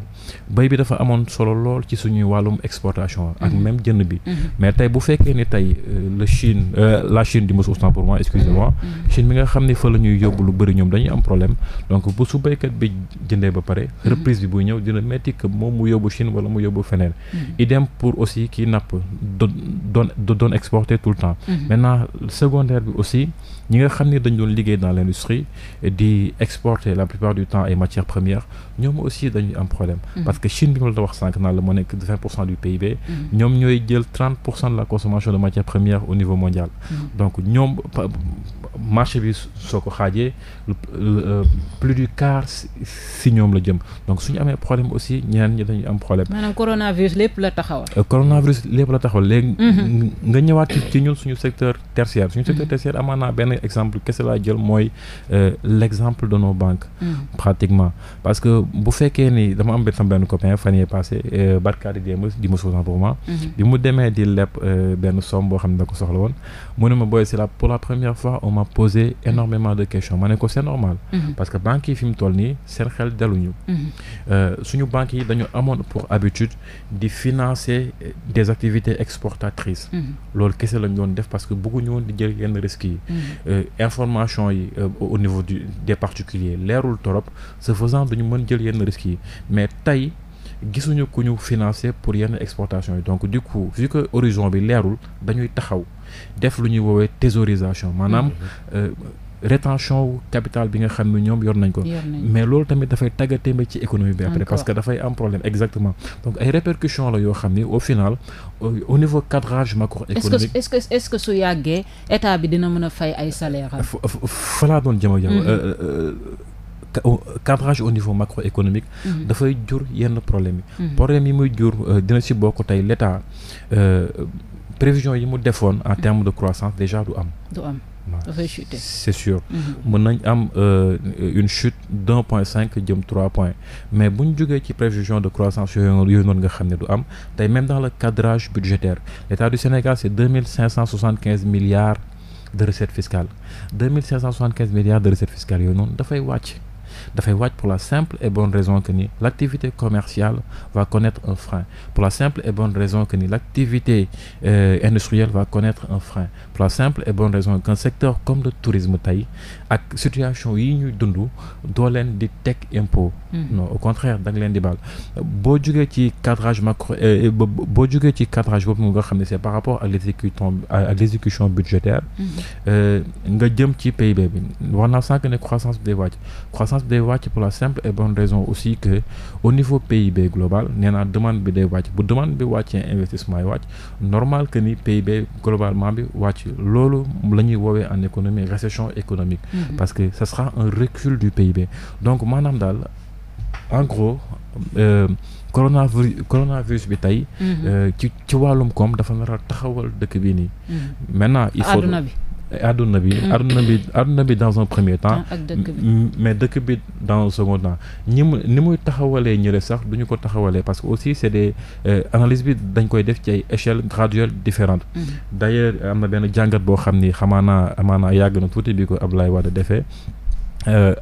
béy bi dafa amoon solo lool ci suñuy wàllum exportation ak mhm. même jënd bi mhm. mais tey bu fekkee ni tey euh, la Chine euh, la Chine di mos autant pour moi excusez mhm. Chine mi nga xam ne fa la yóbbu lu bëri ñoom dañuy am problème donc bu su béykat bi jëndee ba pare reprise bi buy ñëw dina metti que moom mu yóbbu Chine wala mu yóbbu feneen idem pour aussi kii napp doon doon exporter tout le temps maintenant secondaire bi aussi ñi nga xam ne dañ doon liggéey dans la plupart du temps ay matières premières Mm-hmm. parce que Chine bi ma la wax sànq naan la moo nekk du PIB. Mm-hmm. ñoom ñooy jël trente pour cent de la consommation de matières premières au niveau mondial. Mm-hmm. donc ñoom marché bi soo ko xaajee euh, plus du quart si ñoom la jëm donc suñu amee problème aussi ñeneen ñi dañuy am problème. maanaam coronavirus lépp la taxawal. Euh, coronavirus lépp la taxawal léegi. nga ñëwaat ci ñun suñu secteur tertiaire suñu secteur tertiaire amaana benn exemple kese laa jël mooy euh, l' exemple de nos banques. parce que bu fekkee am benn copain fan yii passé euh, barkaati démb di ma suusan pour mm-hmm. bi mu demee di leb euh, benn somme boo xam ne da ko soxla woon mu ne ma booy si la pour la première fois on m'a posé mhm. énormément de questions ma ne ko c'est normal. Mhm. parce que banques yi fi mu toll nii seen xel delluñu. Mhm. Euh, suñu banque yi dañu amoon pour habitude di financer des activités exportatrices. loolu kese lañ doon def parce que bëgguñu woon di jël yenn risques yi. Euh, information yi euh, au niveau du des particuliers leerul torop ce faisant duñu mën jël yenn risques yi mais tey. gisuñu ku ñu financer pour yenn exportation yi donc du coup vu que bi leerul dañuy taxaw def lu ñuy woowee thésaurisation maanaam mhm. euh, rétention wu capital bi nga xam ne ñoom yor nañ ko mais loolu tamit dafay tàggatémbe ci économie bi après parce que dafay am problème exactement donc ay répercussions la yoo xam ni au final au niveau cadrage macroéconomique est-ce que est-ce état bi dina mën a fay ay salaire fa laa doon jëm ak yow mhm. euh, euh, cadrage au niveau économique mhm. dafay jur yenn problème yi problème yi muy jur dina ci bokk tey l'État prévision yi mu defoon en mm-hmm. termes de croissance déjà du am. du am dafay chuter c'est sûr. Mm-hmm. mën nañ am euh, une chute d'un point cinq jëm trois points mais bu ñu jógee ci prévision de croissance yooyu yooyu noonu nga xam ne du am tey même dans le cadrage budgétaire l'État du Sénégal c'est deux mille cinq cent de recettes fiscales deux de recettes fiscales yooyu noonu dafay wàcc. dafay wàcc pour la simple et bonne raison que ni l'activité commerciale va connaître un frein pour la simple et bonne raison que ni l'activité euh, industrielle va connaître un frein pour la simple et bonne raison qu'un secteur comme le tourisme tey ak situation yi ñu dund doo leen di teg impôt hmm. non au contraire da nga leen di bal boo jógee ci cadrage macro euh, euh, boo jugee ci cadrage boobu nga xam ne c'est par rapport ak l'exécution ak l'exécution budgétaire hmm. euh, nga jëm ci PIB bi wax naa sànq ne croissance bi day wàcc croissance bi day wàcc pour la simple et bonne raison aussi que au niveau PIB global nee naa demande bi day wàcc bu demande bi wàccee investissement yi wàcc normal que ni PIB globalement bi wàcc loolu la ñuy woowee en économie récession économique Mhm. parce que ce sera un recul du PIB donc maanaam daal en euh, coronavirus coronavirus bi tey. Mhm. Euh, ci ci wàllum koom dafa nar taxawal dëkk bi nii. Mhm. maintenant il faut bi. àdduna bi àdduna bi àdduna bi dans un premier temps ah, mais dëkk bi dans un second temps ñi mu ni muy taxawalee ñële sax du ñu ko taxawalee parce que aussi c' est des euh, analyse bi dañ koy def ci ay échelle graduelle différente mm-hmm. d' am na benn jàngat boo xam ni xamaanaa amaanaa yàgg na touti bi ko Abdoulaye Wade defee euh,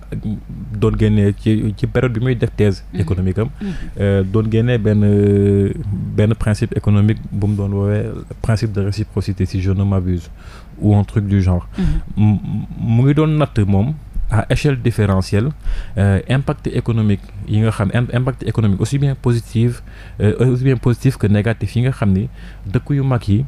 doon génnee ci ci période bi muy def thèse mm-hmm. économique am mm-hmm. euh, doon génnee benn benn principe économique bu mu doon woowee principe de réciprocité si je m'abuse ou un truc du genre. Mhm. mu ngi doon natt moom à échelle différentielle euh, impact économique yi nga xam impact économique aussi bien positif euh, aussi bien positif que négatif yi nga xam ni dëkk yu mag yi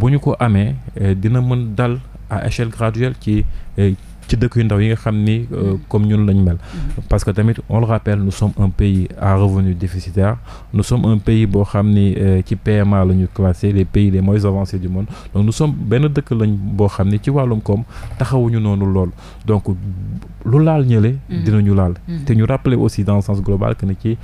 bu ñu ko amee euh, dina mën dal à échelle graduelle ci. Euh, ci dëkk yu ndaw yi nga xam ni euh, mm-hmm. comme ñun lañ mel mm-hmm. parce que tamit on le rappelle nous sommes un pays à revenu déficitaire nous sommes un pays boo xam ni euh, ci PMA la ñu classé les pays les moins avancés du monde donc nous sommes benn dëkk lañ boo xam ni ci wàllum koom taxawuñu noonu lool donc lu laal ñële mm-hmm. dinañu laal te ñu rappeler aussi dans le sens global que ni ci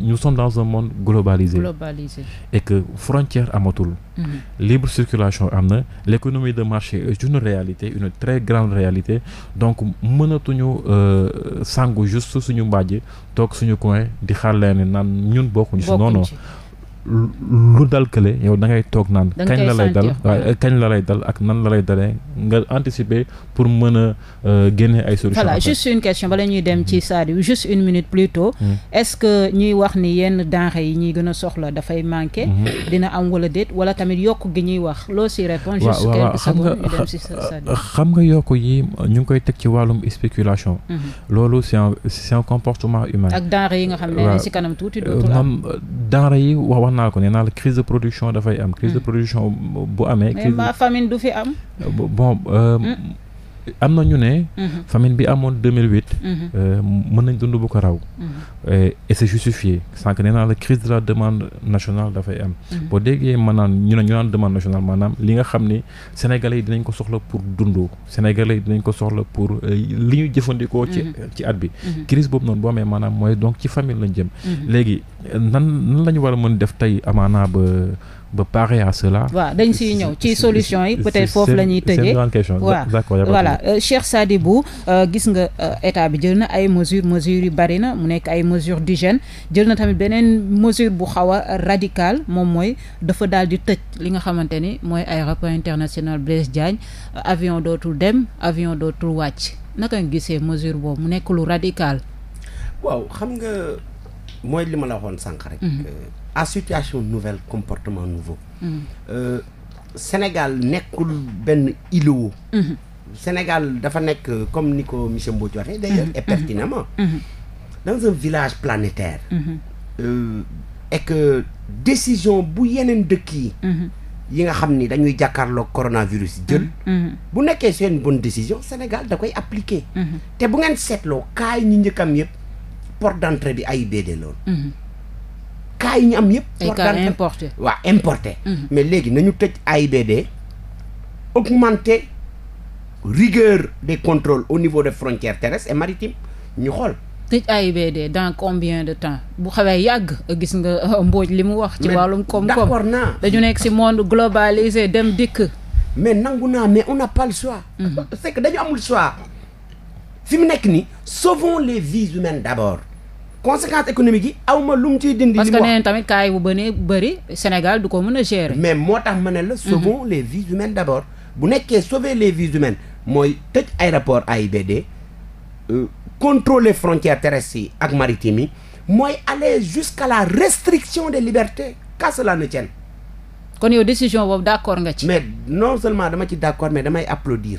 nous sommes dans un monde globalisé. globalisé. et que frontière amatul. Mhm. libre circulation am na l'économie de marché est une réalité une très grande réalité donc mënatuñu euh, sangu juste suñu mbàjj toog suñu coin di xaar leen naan ñun bokkuñu si non lu dal kële yow da ngay toog naan kañ la lay dal ak nan la lay dalee nga anticiper pour mën a euh, génne ay solution voilà ñuy dem ci mm-hmm. Sadiou juste une minute plus tôt mm-hmm. est-ce que ñuy wax ni yenn denrées yi ñuy gën a soxla dafay manqué mm-hmm. dina am wala déet wala tamit yokk gi ñuy wax loo si répond juste quelques secondes ñu dem si Sadiou xam nga yokk yi ñu ngi koy teg ci wàllum spéculation loolu c'est un comportement humain ak denrées yi nga xam ne si kanam tuuti dootul euh, am euh, waxoon naa ko nee la crise de production dafay am. crise de mm. production bu amee. ki mais ma famine du fi am. bon. Euh, mm. am na ñu ne. Mhm. famine bi amoon mille 2008. Mhm. Euh, mën nañ dund bu ko raw. Mhm. Euh, et c' est justifié sànq nee naa la crise de la demande nationale dafay am. boo déggee maanaam ñu ne ñu naan demande nationale maanaam li nga xam ni sénégalais yi dinañ ko soxla pour dund sénégalais yi dinañ ko soxla pour euh, li ñu jëfandikoo. ci ci at bi. crise boobu noonu boo amee maanaam mooy donc ci famine lañ jëm. léegi nan nan la ñu war a mën def tey amaanaa ba. ba parer à cela. waaw dañu siy ñëw ci solution yi peut-être foofu la ñuy tëjee. c'est une grande question d'accord voilà euh, Cheikh euh, gis nga euh, état bi jël na ay mesures mesures yu bari na mu nekk ay mesures d'hygiène jël na tamit beneen mesure bu xaw a radicale moom mooy dafa daal di tëj li nga xamante ni mooy aéroport international Blaise Diagne avion dootul dem avion dootul wàcc naka gisee mesure boobu mu nekk lu radical. waaw xam nga mooy li ma la waxoon sànq rek. Mhm. à situation nouvelle comportement nouveau mm. euh, Sénégal nekkul benn îlot mm-hmm. Sénégal dafa nekk euh, comme ni ko monsieur Mbodj waxee d'ailleurs mm-hmm. et pertinemment mm-hmm. dans un village planétaire euh, et décision bu yeneen dëkk yi yi nga xam ni dañuy jàkkaarloog coronavirus jël bu nekkee seen bonne décision Sénégal da koy appliquer te bu ngeen seetloo cas yi ñu njëkkam yëpp porte d'entrée bi AIBD loolu cas yi ñu am yëpp. ay cas importé waaw mhm. mais léegi nañu tëj AIBD augmenter rigueur des contrôles au niveau de frontières terrestres et maritimes ñu xool. tëj AIBD dans combien de temps bu xawee yàgg gis nga euh, mbooj li mu wax. ci wàllum kom koom d'accord naa dañu nekk ci monde globalisé dem dikk. mais nangu naa mais on n'a pas le choix. Mhm. c'est dañu amul choix. fi mu nekk ni sauvons les vies humaines d'abord. conséquence économique yi aw ma lu mu ciy dindi. parce que nee tamit kaay bu bënee bëri Sénégal du ko mën a gérer. mais moo tax ma ne la. Mhm. sauvons les vies humaines d' abord. bu nekkee sauver les vies humaines mooy tëj aéroport AIBD euh, contrôler frontières terrestres yi ak maritimes yi mooy aller jusqu'à la restriction de libertés qu'à cela ne kon yow décision boobu d' accord nga ci. mais non seulement dama ci d' accord mais damay applaudir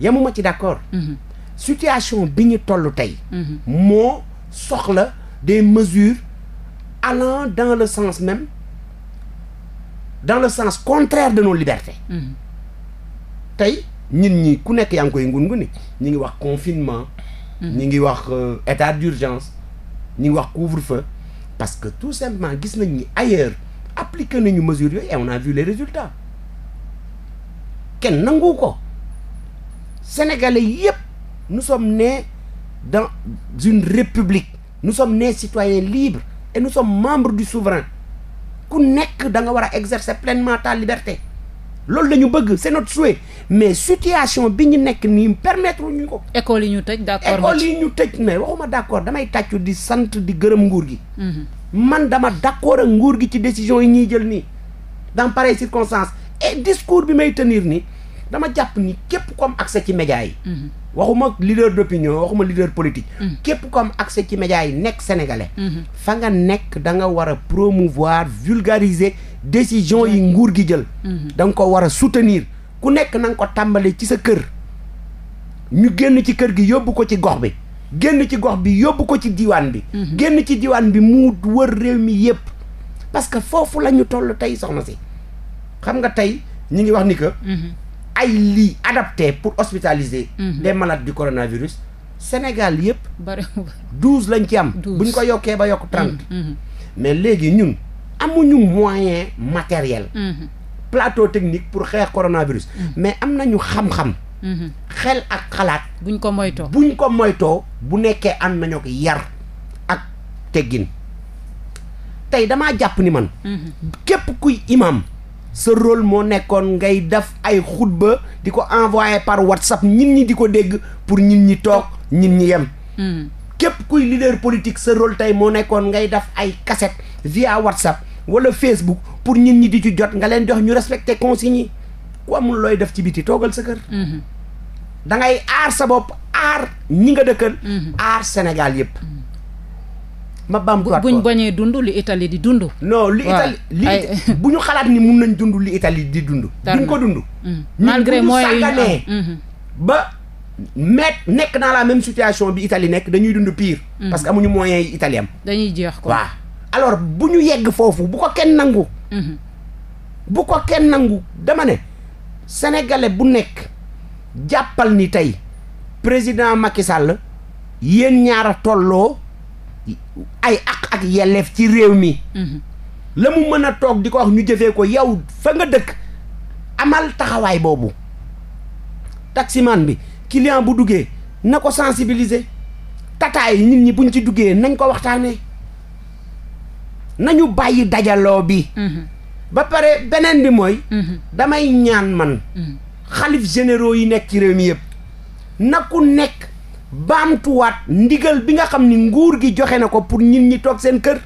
ma ci d' accord. Mhm. situation bi ñu toll tey. Mhm. moo. soxla des mesures allant dans le sens même dans le sens contraire de nos libertés mm-hmm. tey ñun ñi ku nekk yaa ngi koy ngun-nguni ñi ngi wax confinement mm-hmm. ñi ngi wax euh, état d'urgence ñi ngi wax couvre-feu parce que tout simplement gis nañ ni ailleurs appliquer nañu mesures yooyu et on a vu les résultats kenn nangu ko sénégalais yépp nous sommes dans une république nu sommes nés citoyens libres et nous sommes membre du souverain ku nekk da nga war a exercer pleinement ta liberté loolu la bëgg c'est notre souhait mais situation bi ñu nekk nii permettre ñu ko. école yi ñu tëj d'accord école yi ñu tëj mais waxuma d'accord damay tàccu di sant di gërëm nguur gi. Mhm. man dama d'accord ak nguur gi ci décision yi ñuy jël nii. dans pareille circonstance et discours bi may tenir nii dama jàpp ni képp comme am accès ci médias yi. Mhm. waxuma leader d'opinion waxuma leader politique. Mm. képp ko am accès ci médias yi nekk sénégalais. Mm-hmm. fa nga nekk da nga war a promouvoir vulgariser décision yi nguur gi jël. Mm-hmm. da nga ko war a soutenir ku nekk na ko tàmbalee ci sa kër. ñu génn ci kër gi yóbbu ko ci gox bi. génn ci gox bi yóbbu ko ci diwaan bi. Mm-hmm. génn ci diwaan bi mu wër réew mi yépp. parce que foofu la ñu toll tey soxna si xam nga tey ñu ngi wax ni ay lii adaptés pour hospitaliser. les mhm. malades du coronavirus. Sénégal yëpp. douze lañ ci am. douze bu ñu ko yokkee ba yokk trente. Mhm, mhm. mais léegi ñun amuñu moyen matériel. plateau technique pour xeex coronavirus. mais am nañu xam-xam. xel ak xalaat. buñ ko moytoo buñ ko moytoo bu nekkee am nañu ko yar ak teggin tey damaa jàpp ni man. képp kuy imam. sa rôle moo nekkoon ngay def ay xutba di ko envoyé par whatsapp ñin ñi di ko dégg pour ñin ñi toog ñin ñi yem hmm. képp kuy lider politique sa rôle tey moo nekkoon ngay def ay cassette via whatsapp wala facebook pour ñin ñi di ci jot nga leen jox ñu respecté consignes yi ku amul looy def ci biti toogal sa kër hmm. da ngay aar sa bopp aar ñi nga dëkkal hmm. aar Sénégal yëpp ma bambuwaat ko buñ bañee dund li Italie di dund. non bu ñu xalaat ni mun nañ dund li Italie di dund. duñ ko dund. Mm. malgré moyens yi ñu mm-hmm. nekk dans la même situation bi Italie nekk dañuy dund pire. Mm. parce que amuñu moyens yi dañuy jeex ko alors bu ñu yegg foofu bu ko kenn nangu. Mm-hmm. bu ko kenn nangu dama ne sénégalais bu nekk jàppal ni tey président Macky Sall yéen ñaara tolloo. ay àq ak yelleef ci réew mi mhm. la mu mën a toog di ko wax ñu jëfee ko yow fa nga dëkk amal taxawaay boobu taximan bi client bu duggee na ko sensibiliser tataay nit ñi buñ ci duggee nañ ko waxtaane nañu bàyyi dajaloo bi mhm. ba pare beneen bi mooy mhm. damay ñaan man xalif généraux yi nekk ci réew mi yëpp na ku nekk baamtuwaat ndigal bi nga xam ni nguur gi joxe na ko pour nit ñi toog seen kër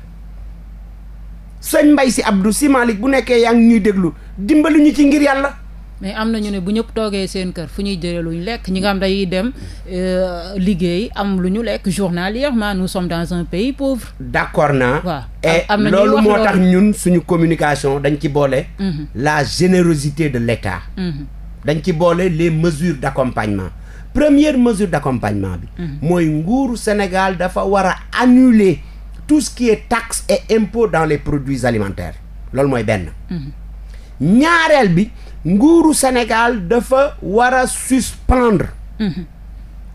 sëñ Mbay si Abdou si Malick bu nekkee yaa ngi ñuy déglu dimbali ñu ci ngir yàlla. mais am na ñu ne bu ñëpp toogee seen kër fu ñuy jëlee lu ñu lekk ñi nga xam day dem euh, liggéey am lu ñu lekk journalièrement nous sommes dans un pays pauvre. d' accord naa. waaw am na loolu moo tax ñun suñu communication dañ ci boole. Mhm. la générosité de l' mhm. dañ ci boole les mesures d' accompagnement. première mesure d'accompagnement bi mhm. mooy nguuru Sénégal dafa war a annuler tout ce qui et impôt dans les produits alimentaires loolu mooy benn mhm. ñaareel bi nguuru Sénégal dafa war a suspendre mhm.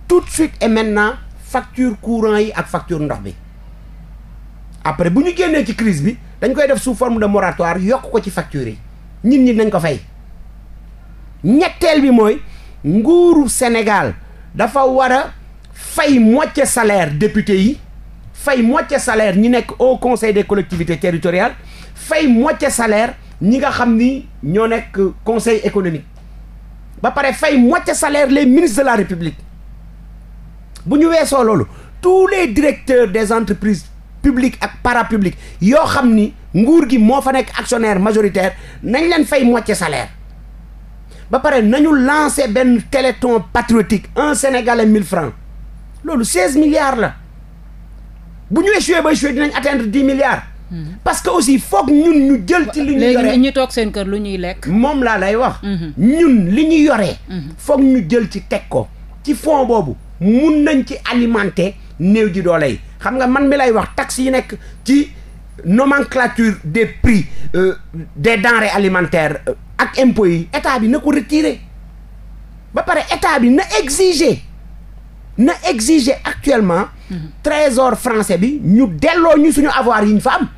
tout de suite et maintenant facture courant yi ak facture ndox bi après bu ñu génnee ci crise bi dañ koy def sous forme de moratoire yokk ko ci facture yi ñun ñi dañ ko fay ñetteel bi mooy nguuru Sénégal dafa war a fay moitié salaire député yi fay moitié salaire ñi nekk au conseil des collectivités territoriales fay moitié salaire ñi nga xam ni ñoo nekk conseil économique ba pare fay moitié salaire les ministres la république bu ñu weesoo loolu tous les directeurs des entreprises publiques ak parapubliques yoo xam ni nguur gi moo fa nekk actionnaire majoritaire nañ leen fay moitié salaire ba pare na nañu lancé benn téléthon patriotique un sénégalais mille francs loolu seize milliards la bu ñu échoué ba échoué dinañ atteindre dix milliards. Hmm. parce que aussi foog ñun ñu jël ci li ñu yore ñu toog seen kër lu ñuy lekk. moom laa lay wax. Hmm. ñun li ñu yore hmm. foog ñu jël ci teg ko ci fond boobu mun nañ ci alimenter néew ji doole yi xam nga man mi lay wax taxes yi nekk ci nomenclature des prix euh, des denrées alimentaires. Euh, ak impôts yi état bi na ko retirer ba pare état bi na exiger na exiger actuellement trésor français bi ñu delloo ñu suñu avoir yi ñu fa am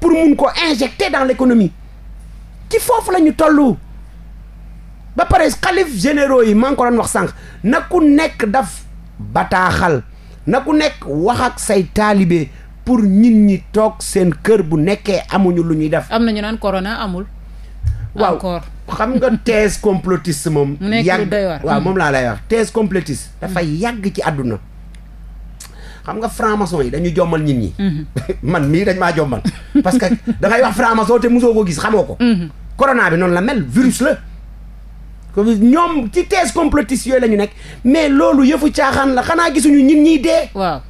pour mun ko injecter dans l'économie ci foofu la ñu toll ba pare xalif généraux yi maa ngi ko doon wax sànq na ku nekk daf bataaxal na ku nekk wax ak say taalibe pour ñin ñi toog seen kër bu nekkee amuñu lu ñuy def. am na ñu naan corona amul. waaw xam nga thèse complotiste moom. yàgg waaw moom laa lay wax mm. thèse complotiste. dafay mm. yàgg ci àdduna. xam nga franc-maçon yi dañu jommal nit ñi. Mm-hmm. man mii dañ maa jommal. parce que da ngay wax franc-maçon te ko gis xamoo ko. Mm-hmm. corona bi noonu la mel virus la. ñoom ci thèse complotiste yooyu lañu ñu nekk mais loolu yëfu caaxaan la xanaa gisuñu nit ñiy dee. waaw.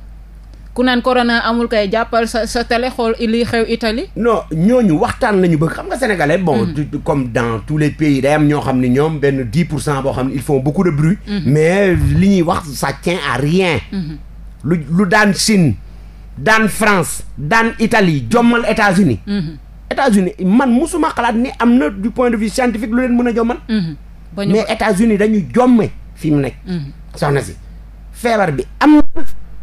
ku naan corona amul kay jàppal sa sa télé xool li xew Italie. non ñooñu waxtaan lañu ñu bëgg xam nga sénégalais. bon mm. comme dans tous les pays day am ñoo xam ne ñoom benn dix pour cent boo xam ne ils font beaucoup de bruit. Mm. mais li ñuy wax ça tient à rien. Mm-hmm. lu lu daan Chine daan France daan Italie jommal États-Unis mm-hmm. États-Unis man musuma xalaat ni am na du point de vue scientifique lu leen mën a jommal. Mm-hmm. mais États-Unis dañu jomme fi mu nekk. soxna si feebar bi am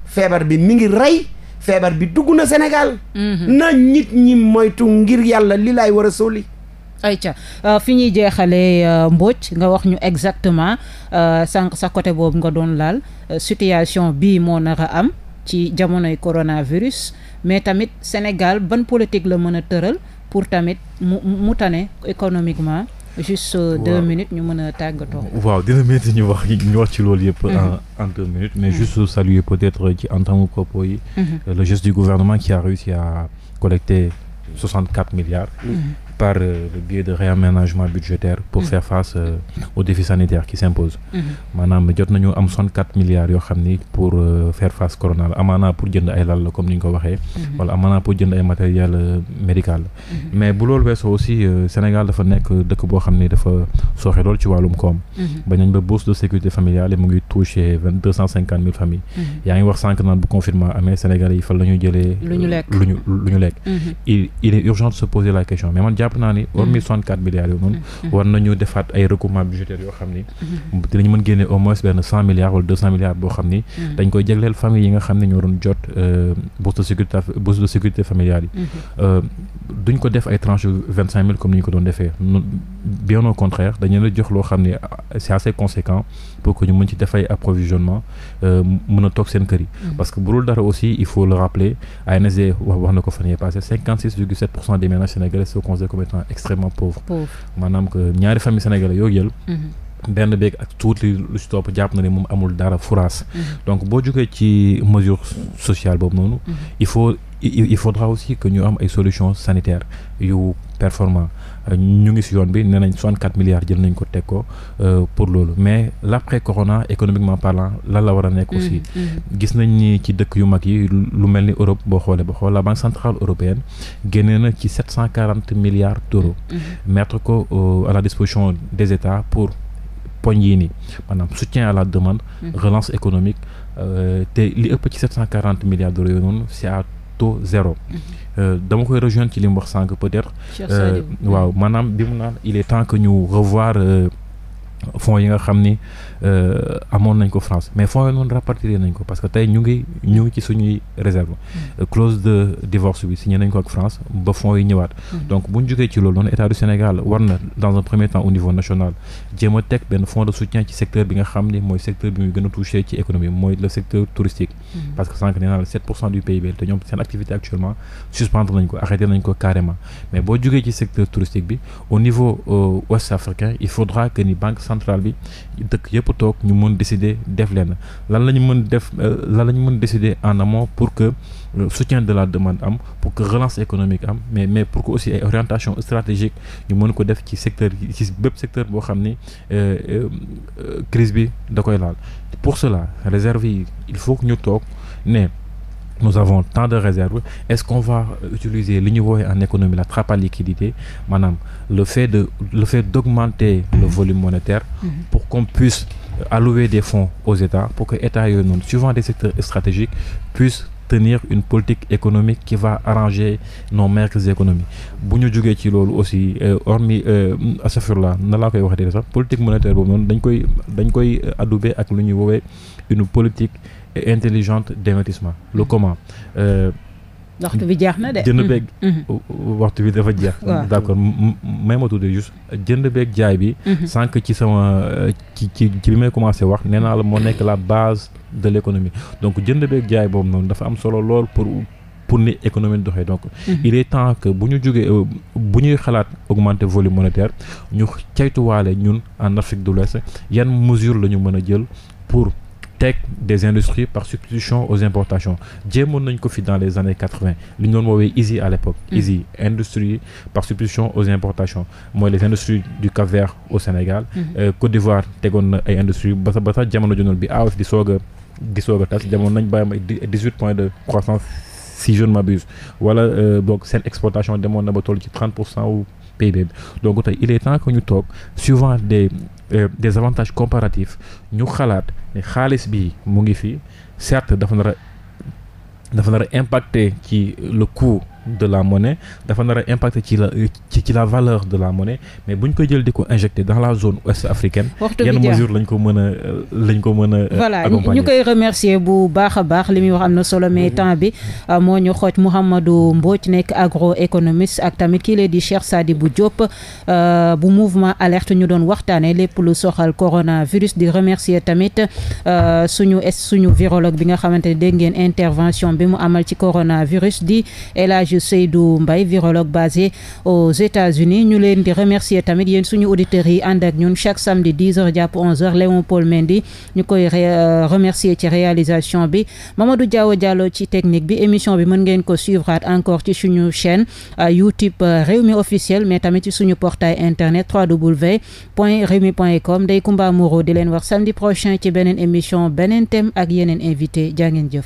feebar bi mi ngi rey feebar bi dugg na Sénégal. Mhm. na nit ñi moytu ngir yàlla li lay war a soli sóoli. ayca euh, fi ñuy jeexalee euh, Mbodj nga wax ñu exactement euh, sànq sa côté boobu nga doon laal situation bii moo nar a am ci jamonoy coronavirus mais tamit Sénégal ban politique la mën a tëral pour tamit mu mu tane économiquement. juste euh, deux minutes ñu mën a tàggatoo. waaw dina métti ñu wax ñu mhm. deux minutes mais mhm. juste saluer peut-être en tant que propos mhm. le geste du gouvernement qui a réussi à collecter milliards. par euh, le biais de réaménagement budgétaire pour mmh. faire face euh, aux défis sanitaires qui s'imposent mhm. maanaam jot nañu am soixante-quatre milliards yoo xam ni pour euh, faire face corona pour jënd ay lal la comme ni ñu ko waxee mhm. wala amaanaa pour jënd ay matériel euh, médical mhm. mais bu loolu weesoo aussi euh, Sénégal dafa nekk dëkk boo xam ni dafa sooxe lool ci wàllum koom ba ba bourse de sécurité familiale mu ngi touché deux yaa ngi wax sànq naan bu confinement amee Sénégal yi fan la jëlee lu ñu jàpp naa ni hormis 64 mm-hmm. milliards yooyu noonu mm-hmm. war nañu defaat ay recoupement budgétaire yoo xam ni mm-hmm. dinañ mën génne au moins benn 100 milliards wala 200 milliards boo xam ni dañ koy jagleel famille yi nga xam ne ñoo doon jot euh, bourse de sécurité bourse yi euh, duñ ko def ay tranches vingt cinq mille comme ni ñu ko doon defee bien contraire dañu la jox loo xam ne c'est assez conséquent pour que ñu mën ci def ay approvisionnement euh, mën a toog seen kër yi. Mm. parce que bu dul dara aussi il faut le rappeler ANSD wax wax na ko fan yii passé cinquante six virgule sept pour cent des ménages sénégalais se considèrent comme étant extrêmement pauvres. maanaam que ñaari famille sénégalais yoo jël. Mm-hmm. benn beeg ak tuuti lu si topp jàpp na ne moom amul dara furaas. Mhm. donc boo jógee ci mesure sociale boobu noonu. Mhm. il faut il faudra aussi que ñu am ay solution sanitaire yu performant ñu ngi si yoon bi nee nañ 64 milliards jël nañ ko teg ko euh, pour loolu mais l' après corona économiquement parlant lan la war a nekk aussi. Mhm, gis nañ ni ci dëkk yu mag yi lu mel ni Europe boo xoolee ba xool la banque centrale européenne génnee na ci 740 milliards d' euros. mettre ko euh, la disposition des états pour. poñ yii nii maanaam soutien à la demande. Mm-hmm. relance économique euh, te li ëpp ci sept cent quarante milliards d'euros yooyu noonu c'est à taux zéro. Mm-hmm. Euh, dama koy rejoindre ci li mu wax peut-être. Euh, waaw maanaam bi mu naan il est temps que ñu revoir fonds yi nga xam ni. Euh, amoon nañ ko France mais fonds yooyu noonu rapatrier nañ ko parce que tey ñu ngi ñu ngi ci suñuy réserve mm. clause de divorce bi signé nañ ko ak France ba fonds yi ñëwaat mm. donc bu ñu jógee ci loolu noonu état du Sénégal war na dans un premier temps au niveau national jéem a benn fonds soutien ci secteur bi nga xam ne mooy secteur bi muy gën a touché ci économie mooy le secteur touristique mm. parce que sànq nee naa la 7 te ñoom seen activité actuellement ñëpp toog ñu mën décider def leen lan la ñu mën def euh, lan la ñu mën décider en amont pour que euh, soutien de la demande am pour que relance économique am mais mais pour que aussi ay orientation stratégique ñu mën ko def ci secteur ci bépp secteur boo xam ni euh, crise bi da koy laal pour cela réserve yi il faut ñu toog ne nous avons tant de réserves est-ce qu'on va utiliser li ñu woowee en économie la trappe liquidité maanaam le fait de le fait d'augmenter le volume monétaire pour qu'on puisse euh, allouer des fonds aux États pour que États yooyu noonu suivant des secteurs stratégiques puissent tenir une politique économique qui va arranger nos maigres économies bu ñu jógee ci loolu aussi euh, hormis euh, asafurla na laa koy waxatee sax politique monétaire boobu noonu dañ koy dañ koy adoubé ak lu ñuy woowee une et intelligente d'investissement comment. Euh, waxtu bi jeex na de. jënd beeg. Mhm. Mhm. waxtu bi dafa jeex. d' accord may ma tuddee juste jënd beeg jaay bi. Mhm. sànq ci sama euh, ci ci ci bi may commencé wax nee naa la moo nekk la base de l' donc jënd beeg jaay boobu noonu dafa am solo lool pour pour ni économie doxee donc. il est temps que bu ñu jógee euh, bu ñuy xalaat augmenter volume monétaire ñu caytuwaale ñun en Afrique de l'Ouest yan mesure la ñu mën a jël pour. teg des industries par substitution aux importations jéemoon nañ ko fi dans les années quatre-vingt li ñu à l'époque ISI mm. industrie par substitution aux importations mooy les industries du Cap-Vert au Sénégal mm-hmm. euh, Côte d'Ivoire tegoon na industries ba sax jamono jonoon bi AOF di soog a a tas ma dix wala euh, boog seen exportation demoon na ba toll ci ou PIB donc tey il est temps que ñu toog suivant des euh, des avantages comparatifs ñu xalaat ne xaalis bi mu ngi fi certes dafa nar dafa nar a impacter ci le coût de la monnaie dafa nar a impacter ci la ci ci la valeur de la monnaie mais bu ñu jël di ko injecté dans la zone ouest africaine yan mesure lañ ko mën a ko mën a euh, voilà ñu koy remercier bu baax a baax li euh, moo ñu xooj Mouhamadou Mbodj nekk agroéconomiste ak tamit kii lee di Cheikh Sadibou Diop euh, bu mouvement alerte ñu doon waxtaane lépp lu soxal coronavirus di remercier tamit suñu suñu virologue bi nga xamante ne dégg ngeen intervention bi mu amal ci coronavirus di El Hadji Seydou Mbaye virologue basé aux États-Unis ñu leen di remercier tamit yéen suñu auditeurs yi ànd ak ñun chaque samedi 10h jàpp 11h Léon Paul Mendy ñu koy euh, remercier ci réalisation bi Mamadou Diaw Diallo ci technique bi émission bi mën ngeen ko suivraat encore ci suñu chaîne euh, YouTube euh, Rewmi officiel mais tamit ci suñu portail internet www.rewmi.com Ndeye Comba Moreau di leen wax samedi prochain ci beneen émission beneen thème ak yeneen invité jaa ngeen